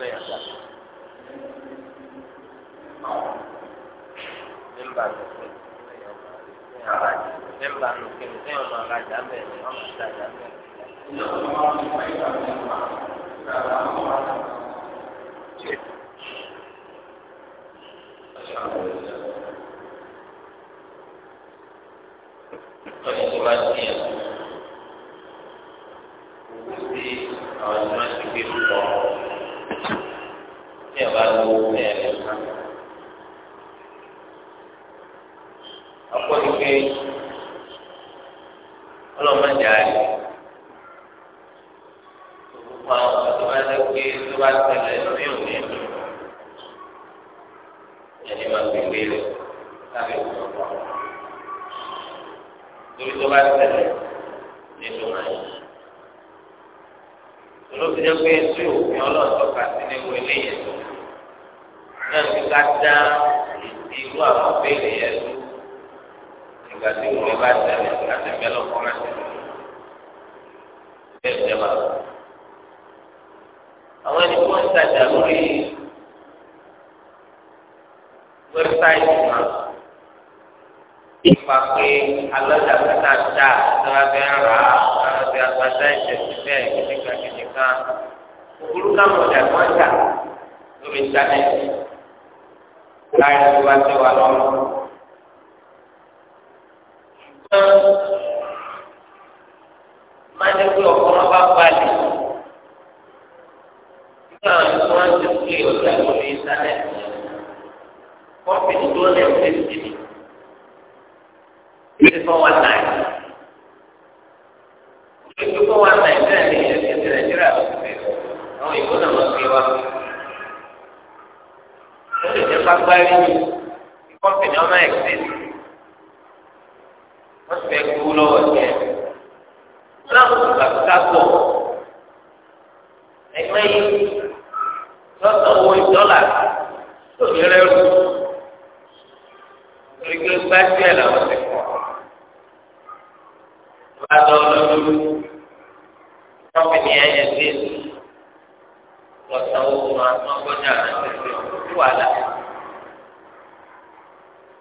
lẹ́yìn ọjà nígbà tó ṣe lẹ́yìn ọjà lẹ́yìn ọjà nígbà tó ṣe lẹ́yìn ọjà lẹ́yìn ọjà bẹ́ẹ̀ ọmọ ìjà jà tí ẹ bá lówó ẹ lè ká. ọ̀pọ̀ ni pé ọlọ́mọdé àlè gbogbo àwọn ọ̀pọ̀ tó bá lé pé tó bá tẹ̀lé lórí òní ẹ̀mí ẹni máa fi gbé lọ lábẹ́ òkú torí tó bá tẹ̀lé nínú ayé. olóòtú jẹ́ pé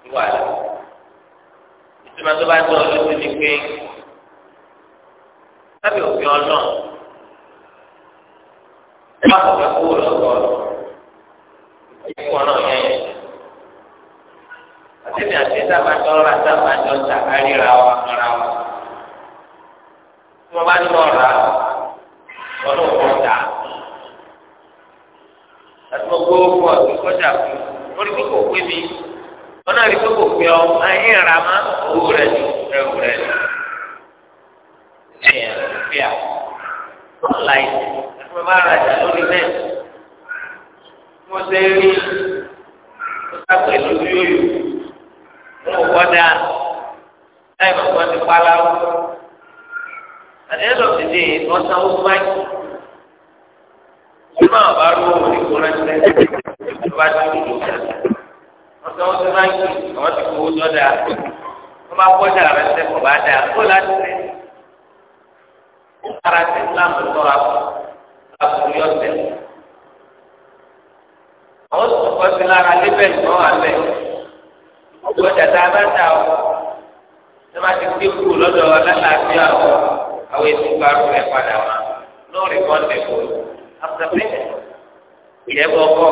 sí wàhálà ìtumọ̀ tó bá tọ́ lójú ni pé lábẹ́ òfin ọlọ́ọ̀ má kọ̀ kúrò lọ́kọ̀ ìkọ̀ yẹn àtẹ̀mí àti sábàjọ́ ra sábàjọ́ sàkárí ra wa ra wa tí wọ́n bá ní wọ́n ra ọlọ́wọ́ ta àti gbogbo ọkọ̀ kọjá fún orí kíkọ̀ pé mi. wọn náà rí gbogbo pé ọ ayé ra má owó rẹ ní ẹwù rẹ ní ṣe bí a ọ̀nláìn ẹgbẹ́ bá ra ìjà lórí náà mo ṣe rí mo sàpèlú yóyò mo wọ́ dáa láì mọ̀ wọ́n ti pa láwọ́ at the end of the day wọ́n sanwó báyìí nínú àwọn bá rú òun ní kó rẹ́sílẹ̀ bá ti dùn lókè tí wọ́n fi máa ń kí àwọn ti fowó lọ́dà wọ́n máa kọ́ dà rẹ̀ sẹ́kọ̀ọ́ bá dà kó láti rẹ̀ ara ti Islam lọ́ra àbúrò yọ sẹ́ àwọn sọ̀kọ́ sí lára lébẹ̀ ìgbọ́n wà bẹ̀ ọjà tá a bá dà ọ́ tí wọ́n ti gbé kúrò lọ́dọ̀ ọ̀làlàáfíà ọ̀ àwọn ètò ìgbàlù rẹ̀ padà wá lórí kọ́ńtẹ̀ kò ìyẹ́bọ̀ kọ́.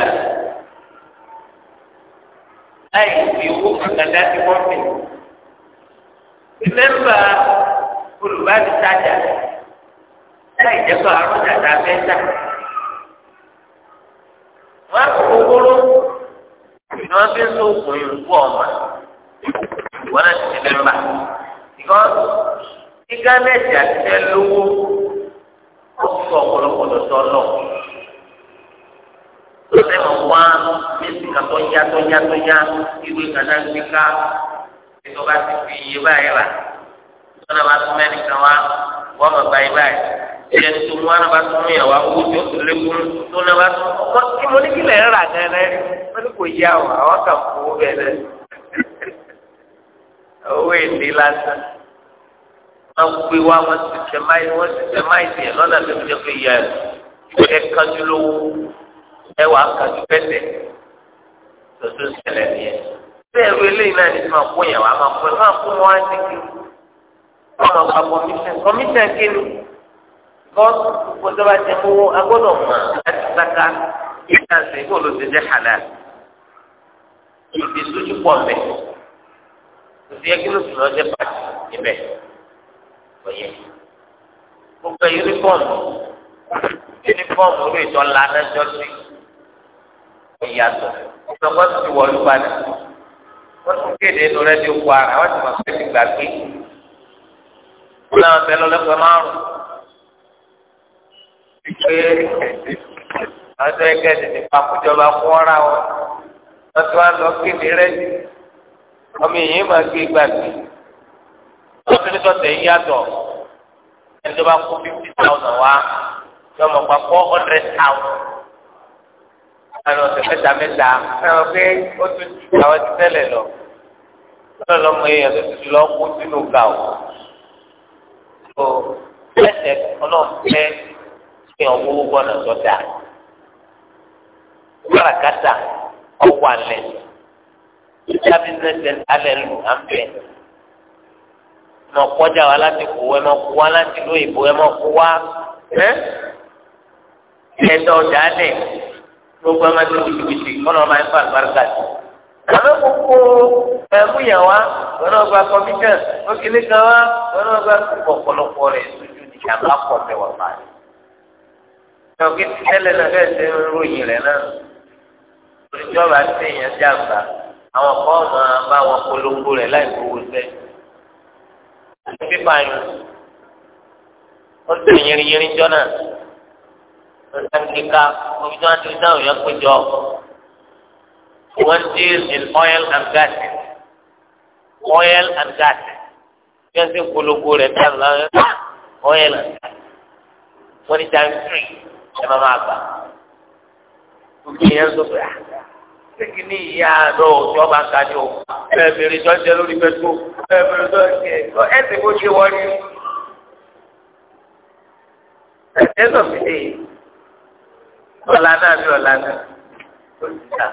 láì fi owó kàkàdá ti wọ́n fi. Rìmẹ́mbà olùbádìtajà láì jẹ́ pé àrùn dàda fẹ́ tà. Wọ́n á kó kókóró ni wọ́n fi ń so oògùn ìrùkú ọ̀mà. Wọ́n á ti ti mẹ́mbà. Ìkọ́ ìgánẹ́ẹ̀tì àti ẹlówó ó sọ ọ̀pọ̀lọpọ̀ lọ́sọ̀ọ́lọ́ lọ́sẹ̀ mọ̀ wá méjì kan tó yá tó yá tó yá ìwé kàdá gbé ká ètò bá ti fi iye báyìí rà lọ́nà bá tún mẹ́rin kan wá wọ́n mọ̀ báyìí báyìí ilẹ̀ tó mú wọn bá tún mú yàn wá owó tó tún lékún tó náà bá tún ọkọ kí mo ní kí lè rà gẹ́rẹ́ wọ́n ní kò yá o àwọn kan kó o bẹ̀rẹ̀ owó èdè lásán wọ́n gbé wá wọ́n ti tẹ̀ máì wọ́n ti tẹ̀ máì tiẹ̀ lọ́nà tó ẹ wàá kájú pẹ́sẹ̀ tuntun ṣẹlẹ̀ nìyẹn bẹ́ẹ̀ ru eléyìí náà nígbà máa kó yẹn wàá máa kó ẹ máa kó wọn á ti kí wọn máa gba kọmíṣẹ kọmíṣẹ kí ni bọ́s gbọ́dọ̀ bá ti mú agbọ́dọ̀ mọ̀ láti sáká ìgbà ṣe kó ló ti jẹ́ hàlà ìdí sójú pọ̀ mẹ́ òsì yẹ kí ló sì lọ́jẹ́ pàtì níbẹ̀ ọ̀yẹ́ gbogbo yunifọ́ọ̀mù yunifọ́ọ̀mù orí ìtọ́lá náà jọ sí ìyàtọ̀ ọ̀sẹ̀ wọ́n ti wọ̀lú padà wọ́n tún kéde inú rẹ́díò Kwara wọ́n ti mọ̀ pé ti gbàgbé wọ́n náà bẹ lọ́lọ́pẹ́ márùn-ún pé ọjọ́ ẹgbẹ́ ti ti papòjọba fún ọ́ra wọn wọ́n ti wá lọ kéde rẹ́díò ọmọ èèyàn máa gbé gbàgbé wọ́n tún ní sọ̀tẹ̀ ìyàtọ̀ ẹni tó bá kó fifty thousand wá yọmọ pa four hundred thousand ẹnu ọ̀sẹ̀ mẹ́ta mẹ́ta ẹnu pé ó tún ju àwọn ti tẹ́lẹ̀ lọ lọ́dọ̀ lọ́mọ èèyàn tó ti lọ kú sínú ga o tó ẹsẹ̀ ọlọ́ọ̀fẹ́ fi hàn wọ́wọ́ gbọ́nà sọ́dà káràkátà ọwọ́ alẹ̀ ìjábí nẹ́sẹ̀ alẹ̀ lù á ń bẹ̀ mọ̀ kọjá wa láti kú ẹ mọ̀ kú wa láti lóyìnbó ẹ mọ̀ kú wa ẹ ẹ̀dọ̀ ọ̀dà alẹ̀ gbogbo ẹ máa ti di bìbìtì kọ́nà ọba ẹ̀fọ́ àgbàrúkà sí. àmọ́ gbogbo ẹ̀mú yẹn wá wọn náà gba kọ́míṣán lókèlè kan wá wọn náà gba ọ̀pọ̀lọpọ̀ rẹ̀ lójú ní ìjàmbá pọ̀ tẹ̀wọ̀ báyìí. ọ̀gá tẹ́lẹ̀ náà bẹ́ẹ̀ ṣe ń ròyìn rẹ̀ náà. olùjọba ti èèyàn sí àgbà àwọn kan máa bá wọn polongo rẹ̀ láì gbowó sẹ́. pípa yìí ó ti Africa omi tí wọ́n ti dáhùn yẹn péjọ wọ́n deal in oil and gas oil and gas bí wọ́n ti ń polongo rẹ̀ oil and gas wọ́n ní time three ẹ̀ máa máa gbà gbogbo yẹn sọ pé sẹ́kì ah, ní ìyá àdó òjò bá ka ní o ẹ̀ bèrè tó lórí pẹ̀tù tó ń jẹ ẹ̀ sì kó ṣe wọ́n ní. At the end of the day, ọ̀la náà bí ọ̀la náà olùta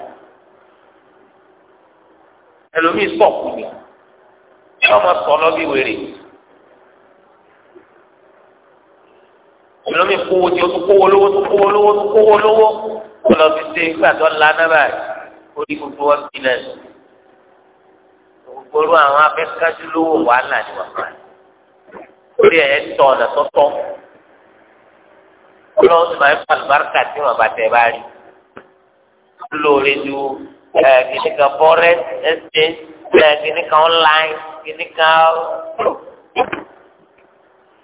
ẹlòmíì sọ̀kù ni ọmọ sọ̀lọ́ bí wèrè ẹlòmíì kówó tí o tún kówó lówó tún kówó lówó tún kówó lówó kó lọ fi ṣe gbàtọ́ ńlá náà báyìí ó ní gbogbo wọn bí náà gbogbo àwọn afẹ́kájú lówó wàhálà ni wàhálà lórí ẹ̀ tọ̀ ọ̀nà tọ́tọ́ ọlọ́run sì máa ń fa àlùbáríkà tí wọn bá tẹ bá rí lórí ju kìnnì kan forest estate kìnnì kan online kìnnì kan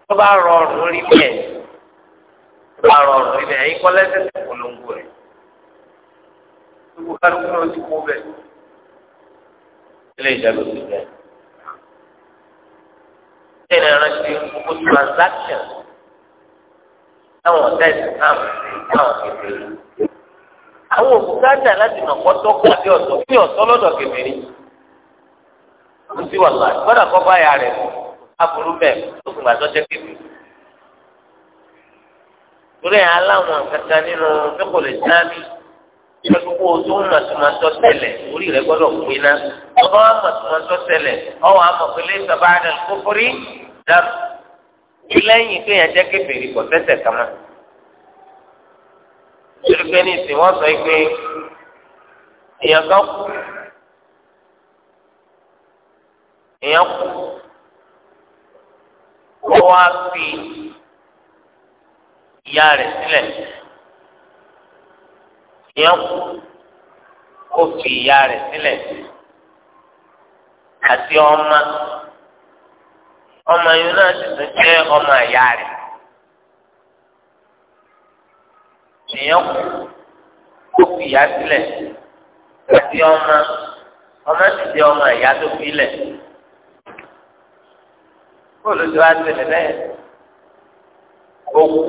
tó bá rọrùn rí bẹ́ẹ̀ tó bá rọrùn rí bẹ́ẹ̀ yín kọ́lẹ́ tẹ̀sán polongo rẹ̀ gbogbo kálukú náà ti kó bẹ́ẹ̀ ilé ìjọba ti bẹ́ẹ̀. Ṣé ìrìn àjò gbogbo transaction? táwọn ọ̀tá ìsìlámù táwọn kékeré àwọn òkúta láti mọ̀ kọ́tọ́ kàbí ọ̀tọ̀ kí ọ̀tọ̀ lọ́dọ̀ kékeré kò sí wàhálà gbọ́dọ̀ kọ́ báyà rẹ̀ aburú bẹ́ẹ̀ tó jẹ́ kékeré torí ẹ̀ aláwọn kankan nínú fẹ́kọ̀ọ́ lè gbogbo ozónà tòmátò tẹ́lẹ̀ orí rẹ̀ gbọ́dọ̀ ọba ọwọ́ àmọ̀ lẹ́yìn pé yẹn jẹ́ kébèrè kò tẹ́tẹ̀ kan mọ́. torí pé ní ìsìn wọ́n sọ pé èèyàn kan kú èèyàn kú ó wá fi ìyá rẹ̀ sílẹ̀ èèyàn kú ó fi ìyá rẹ̀ sílẹ̀ àti ọmọ. ọmọ yìí náà sì tún jẹ́ ọmọ ìyá rẹ̀ èèyàn kú ó fi ìyá sílẹ̀ àti ọmọ ọmọ sì jẹ́ ọmọ ìyá tó fi lẹ̀ bóòlù tó wá sílẹ̀ lẹ́yìn ó kú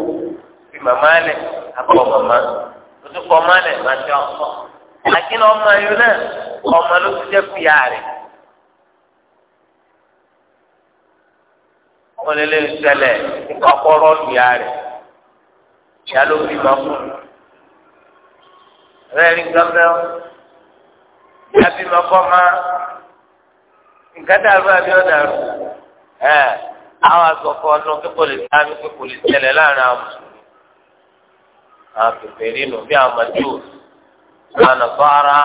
fi màmá lẹ̀ àpò màmá ó tún kọ́ ọmọ lẹ̀ máa ṣe ọkọ àkínní ọmọ yìí náà ọmọ ló ti wọn lè lè ṣẹlẹ̀ nípa kọ́rọ́ ìyá rẹ̀ ìyá ló fi máa fún un. rẹ́ẹ̀rí gbọ́dọ̀ ìyá bí máa kọ́ máa nǹkan dàrú àbí ọ̀dàrú ẹ̀ àwọn àgbọ̀kọ̀ ọ̀nà kíkọ́ lè sáámi kíkọ́ lè ṣẹlẹ̀ láàrin àwọn mùsùlùmí. àwọn pèpè nínú bí àwọn màdúù àwọn nàfàrà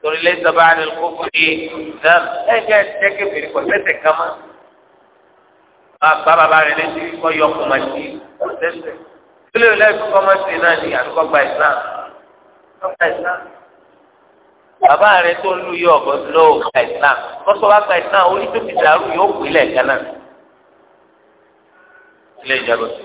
torí lẹ́sọ̀ bá a kókó yìí dẹ́m ẹ̀ jẹ́ kébìrì kọ́ sẹ́sẹ̀ kan bá bàbá rẹ̀ létí kọ́ yọ ọkùnrin máa ti ọ̀sẹ̀sẹ̀ kí ló lẹ́yìn kọ́ máa ti náà ní àdúgbò gba islam gba islam bàbá rẹ̀ tó ń lu yọ ọ̀gọ́ ló gba islam kọ́sọ́ wa gba islam onítòkìtà àrùn yóò pè lẹ́ẹ̀kan náà ilé ìjọba sí.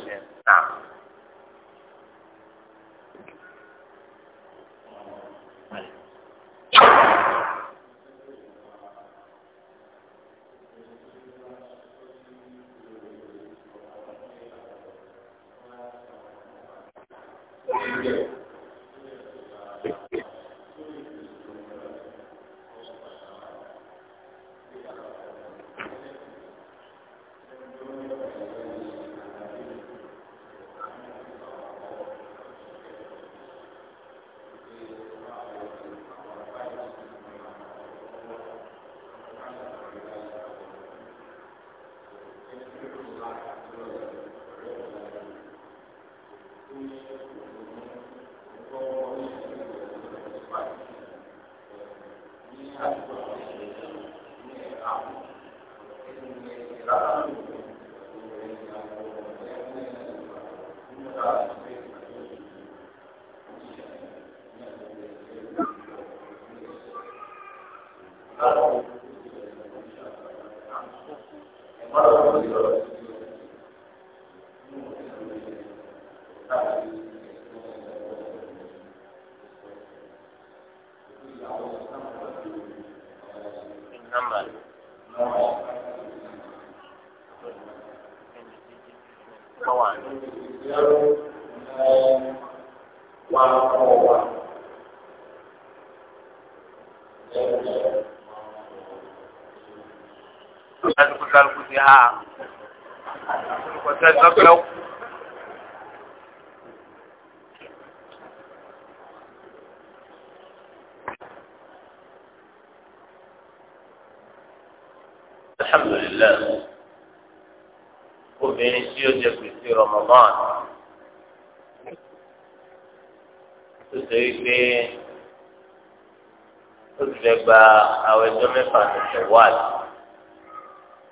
Shawwal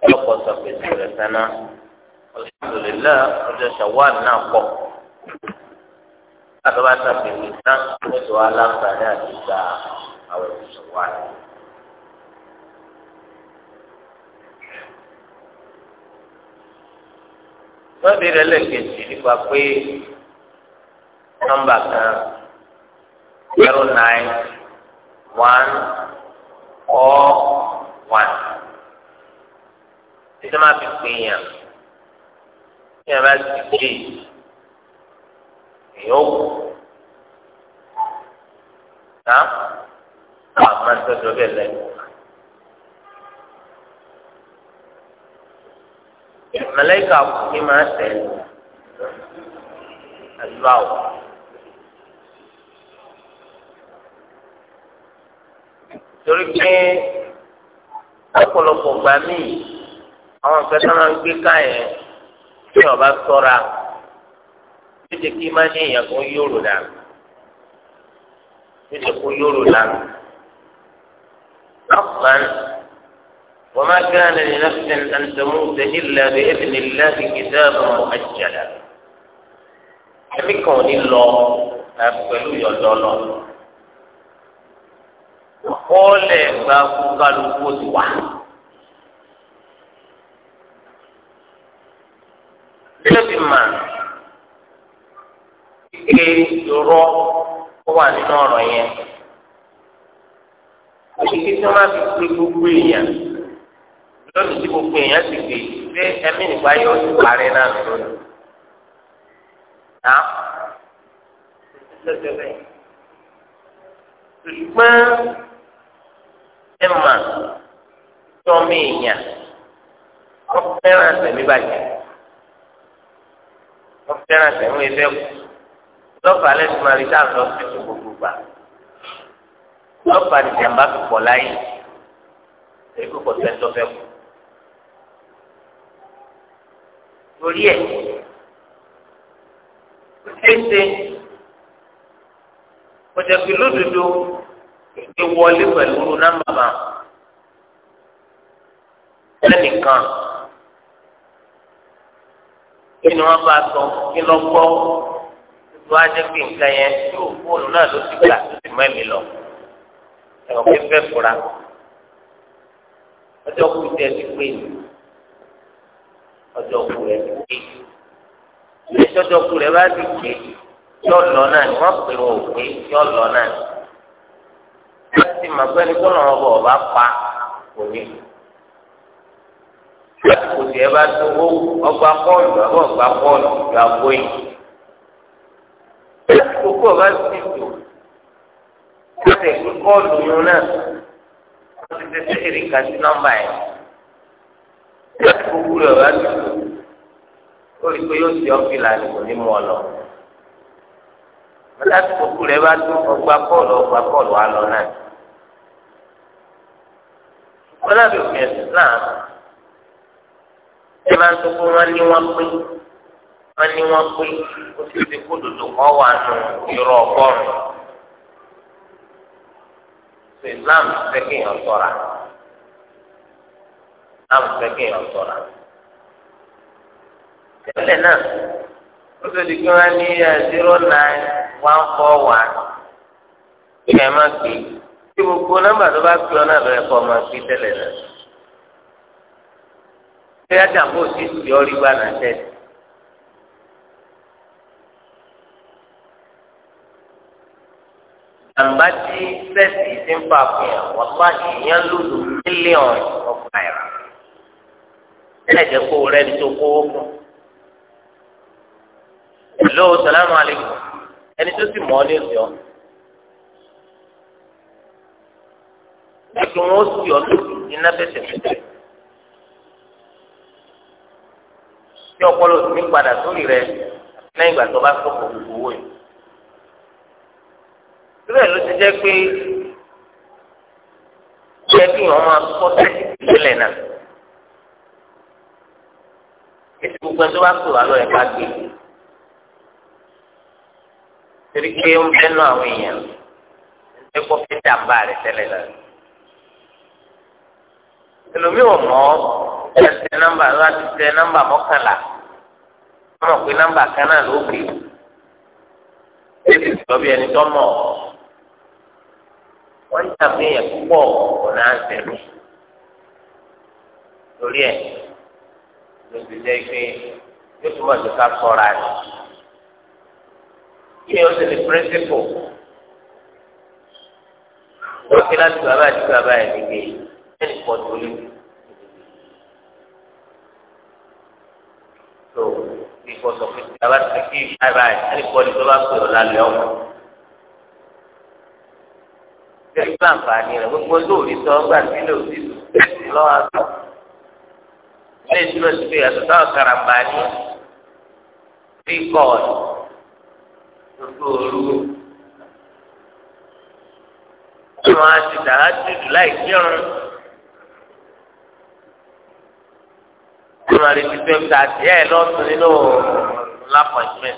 ọlọ́pọ̀ sọ pé sí rẹ̀ sáná alhamdulillah ọjọ́ Shawwal náà pọ̀ àtọ́wá sàpèwé tán lọ́sọ̀ wa láǹfààní àti gba àwọn Shawwal. nípa pé nọ́mbà kan zero nine one four one títí máa fi pè yàn tí yàn bá ti pè èèyàn wò tá àwọn máa ń tọ́jú ọbẹ̀ lẹ́nu. mẹlẹ́kà kò ní máa tẹ̀lé àdúrà wò. torí pé ọ̀pọ̀lọpọ̀ gbà míì àwọn nǹkan tó máa ń gbé ká yẹn tí wọn bá ṣọ́ra tó jẹ kí má ní èèyàn kan yòrò dànù tó jẹ kó yòrò dànù. أصلا وما كان لنفس أن تموت إلا بإذن الله كتابا مؤجلا. أبي كوني الله أبقى له àkọọ́lẹ̀ gba kúkálukú ti wà. Bílẹ̀bì mà ike ìrọ́ ó wà nínú ọ̀rọ̀ yẹn. Òṣìṣẹ́ tí wọ́n máa fi pé gbogbo èèyàn lọ́dún tí gbogbo èèyàn ti gbé pé ẹ̀mí nípa yóò ti parí náà lónìí. Nà ṣùgbọ́n. ẹ mà tọ́mí èèyàn wọ́n fẹ́ràn sẹ̀mí bàjẹ́ wọ́n fẹ́ràn sẹ̀mí ẹgbẹ́ kù lọ́fà lẹ́sìn máa rí sáà lọ sí ètò gbogbo gbà lọ́fà ní jàmbá fi pọ̀ láyé èyí kò tẹ́ fẹ́ kù. torí ẹ̀ ó ṣeé ṣe kò jẹ́ pé pé wọlé pẹ̀lú nọ́mbà bá ẹnìkan kí ni wọ́n bá sọ kí lọ gbọ́ tó wá jẹ́ pé nǹkan yẹn tí ò fóònù náà ló ti gbà tó ti mọ́ ẹ̀mí lọ ẹ̀rọ pé fẹ́ fura ọjọ́ kù tẹ̀ ti pé ọjọ́ kù rẹ̀ ti pé ilé ìjọ́jọ́ kù rẹ̀ bá ti pé yọ̀ lọ náà ni wọ́n pè wọ́n pé yọ̀ lọ náà ni láti mọ̀ pé ẹni tó lọ́wọ́ bọ̀ ọba pa òní. lásìkò tí ẹ bá tó ọgbà pọ́ọ̀lù àbọ̀ ọgbà pọ́ọ̀lù ìgbà gbóyè. lásìkò kó ọba sì tò láti ẹ̀kú kọ́ọ̀lù yun náà wọ́n ti tẹ́tẹ́ èrè ká sí nọ́mbà yẹn. lásìkò kúrò ọba sì tò ó rí i pé yóò ti ọ́fìlà ni kò ní mú ọ lọ lásìkò kúrẹ́ bá tún ọgbà bọ́ọ̀lù ọgbà bọ́ọ̀lù wa lọ náà. wọn lábẹ́ òfin ẹ̀sìn islam ẹ máa ń sọ pé ní wọ́n pé wọ́n ní wọ́n pé ó sì ti kó dòdò kọ́ wà nù irọ́ ọgọ́rùn islam islam tí gbogbo nọ́mbà tó bá pè ọ náà lọ́yẹ̀ kọ́ máa fi tẹ́lẹ̀ náà bóyá jàmbó ti ti ọ rí gbà náà tẹ́ jàmbá tí sẹ́ẹ̀sì ti ń fà fún yà wọ́n bá lòdù mílíọ̀nù ọgbà náírà ẹlẹ́jẹ̀ kó rẹ̀ ní tó kówó fún hello salamu alaykum ẹni tó sì mọ̀ ọ́ ní òsì ọ́. ẹ̀sùn wọn sì ọ́ lójú iná bẹ̀sẹ̀ bẹ̀sẹ̀. tí ọpọlọ tó ní padà sórí rẹ lẹ́yìn ìgbà tó bá sọ̀kò gbogbo owó yìí. síbẹ̀ ló ti jẹ́ pé jẹ́ kí wọ́n máa kọ́ sẹ́yìn ìpínlẹ̀ náà. èsì gbogbo ẹni tó bá sọ̀rọ̀ alọ́ ẹ̀ bá gbé. torí pé ó ń bẹ́nu àwọn èèyàn ń tẹ́kọ̀ọ́ fẹ́ dàbà rẹ̀ tẹ́lẹ̀ náà ẹlòmíì ò mọ̀ ẹsẹ̀ nọ́mbà láti tẹ nọ́mbà mọ́kànlá wọ́n mọ̀ pé nọ́mbà kan náà ló pè ébi lọ́bí ẹni tó mọ̀ wọ́n ń tàbí yẹn púpọ̀ ọ̀nà àǹtẹ̀lú lórí ẹ̀ ló ti jẹ́ pé yóò túbọ̀ tó ká sọ́ra ni kí ni ó sì ní píríncípù lókè láti bàbá àti bàbá ẹ̀ nígbè yìí ẹnì kan tó léwu. tó ìkọ̀ sọ pé bàbá ti kí báyìí báyìí ẹnì kan ní tó bá pè ọ́ lálẹ́ ọ̀hún. Bẹ́ẹ̀ni bá ń fàánì rẹ̀ gbogbo lóòrí sọ ọgbà sílẹ̀ òsì lọ́wọ́ àgbà. Ilé ìtura ti pè àtúntà ọ̀kàràmbá ní bíkọ̀ọ̀dù gbogbo olúwo tí wọn á ti dàá dùdù láì kírun máa retí pé ta díẹ̀ lọ́sùn nínú lápọ̀jùmẹ̀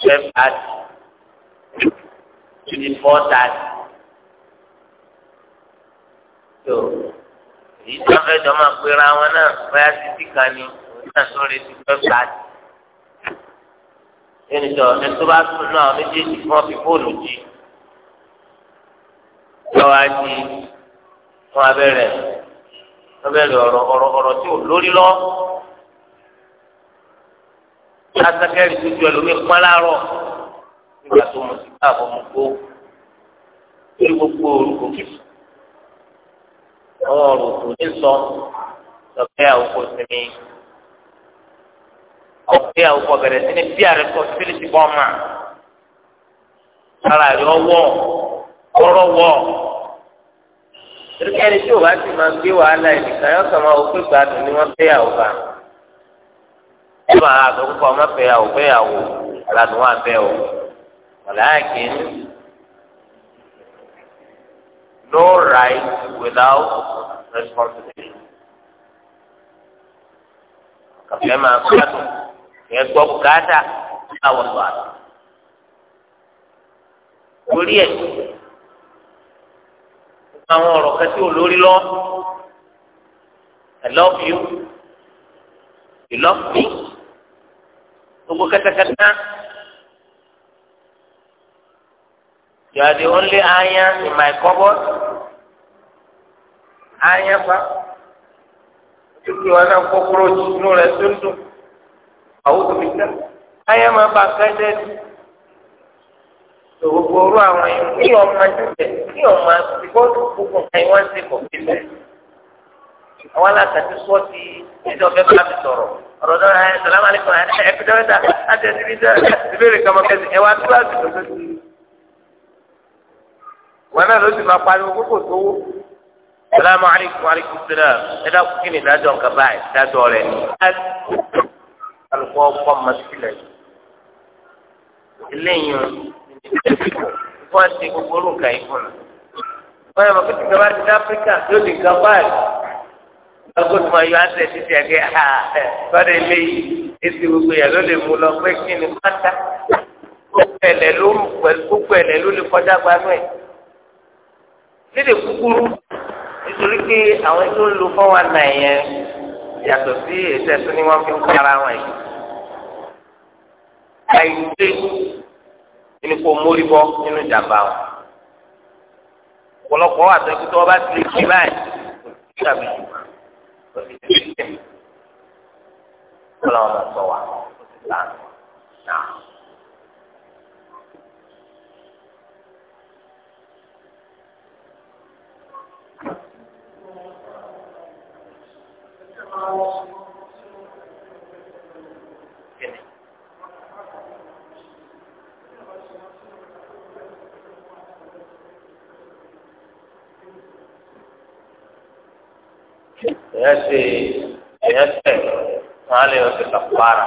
twelve thirty twenty four thirty tó èyí tó fẹ́ jọ máa pera wọn náà bóyá títí kan ni òun náà tó retí twelve thirty ẹnìjọ ẹtọ bá tún náà méjèèjì fún ọfi fóònù jí lọ́wọ́ á fún abẹ́rẹ́ ọbẹ̀rẹ̀ ọ̀rọ̀ ọ̀rọ̀ ọ̀rọ̀ tí ò lórí lọ. Asakẹ́rì tó ju ẹlòmíì pọ́n láàárọ̀ nígbà tó mo ti bá àbọ̀ mo gbó lórí gbogbo orúkọ kìí. Ọwọ́ ọ̀rọ̀ kò ní sọ lọ́kẹ́ àwòkọ́ sinmi. Ọ̀kẹ́ àwòkọ́ bẹ̀rẹ̀ sí ní bí àrẹ́kọ́ sílẹ̀ ti bọ́ ọmọ. Ara rẹ̀ ọwọ́ ọ̀rọ̀ wọ̀ torí ẹni tí o bá ti máa gbé wàhálà ẹ̀ nìkan yóò sọ ma o pé gbádùn ni wọ́n fẹ́ yàwó bá ẹ máa àgbẹ̀ púpọ̀ ọmọ fẹ́ yàwó fẹ́ yàwó aládùn wà bẹ́ẹ̀ o ọ̀làkìn no right without responsibility kàfẹ́ máa gbádùn ìyẹn gbọ́ bùkátà láwùjọ àná torí ẹ̀ àwọn ọ̀rọ̀ kan tí lọ i love you you love me gbogbo kẹtẹkẹtẹ you are the only iron in my cupboard iron pa tuntun wọn náà kókóró jù inú rẹ tó ń dùn àwọn òbí iron máa bá kẹtẹ. tó gbogbo ọrụ àwọn yìí kí ọmọ ẹgbẹ́ kí ọmọ àtìkọ́ gbogbo nǹkan yìí wọ́n ti kọ̀ àwọn alákàtí sọ ti ẹjọ́ fẹ́ bá mi sọ̀rọ̀ ọ̀rọ̀ náà ẹ sàlámà lẹ́kọ̀ọ́ ẹ ẹ pẹ́tẹ́ pẹ́tà ẹ wá tó láti tó tó ti. wọn náà ló máa pariwo kókò tó wó. sàlámà aleykum aleykum sàlám ẹ dákun kí ni ìdájọ́ nǹkan báyìí ìdájọ́ alùpùpù wọ́n ti gbogbo orúkà yìí fún mi. wọ́n yẹ kó ti gbà áfíríkà yóò di nǹkan báyìí. lọ́gbọ́n tó máa yọ àṣẹ títí ẹ̀gẹ́ ha lọ́dẹ eléyìí èsì gbogbo yẹn ló lè mú lọ pé kí ni pátá. gbogbo ẹ̀lẹ́ ló lè kọjá gbanú ẹ̀. lédè kúkúrú nítorí pé àwọn tó ń lo fọ́wọ́ àná yẹn yàtọ̀ sí èsì ẹ̀sùn ni wọ́n fi ń kára wọn yìí. àìsí ẹni kò mórí bọ́ nínú ìjàmbá wọn ọ̀pọ̀lọpọ̀ wà tó ẹkú tó ọba ti lè fi báyìí kò àbí kò sí ti fi tẹ̀ kó ọmọ sọ wà kó sì bá Thank you. èèyàn ṣe èèyàn tẹ̀ wọn á lè yọ sí kàfàrà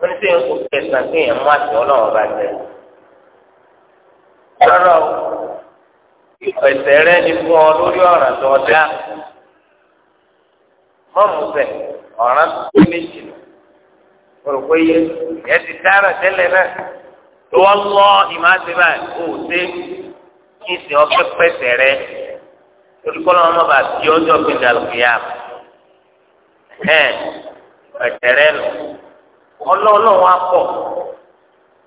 wọ́n ti ń kó kẹsàn-án kí èèyàn má ti ọlọ́run bá jẹ. rárá o rẹ ni fún ọ lórí ọ̀ràn tó dá mọ́mú bẹ̀ ọ̀ràn tó méjì mo rò pé yé ẹ ti dára tẹ́lẹ̀ náà tó wọ́n lọ ìmáṣe báyìí kó o ṣe kí ìsìn ọ pẹ́pẹ́sẹ̀ rẹ olùkọ́lọ́ wọn bá ti ọjọ́ gbẹdẹ àlùkìyà ẹ̀ ẹ̀tẹ̀rẹ́ nù ọlọ́ọ̀lọ́ wọn akọ̀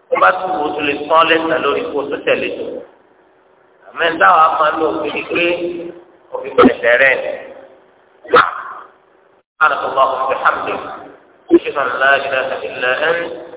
wọn bá tún wò tó lè tán lẹ́sẹ̀ lórí kó tó tẹ̀lé tó àmẹ́ńdá wa máa ń lò ó pé òfin ẹ̀tẹ̀rẹ́ nù. سبحانك اللهم وبحمدك أشهد أن لا إله إلا أنت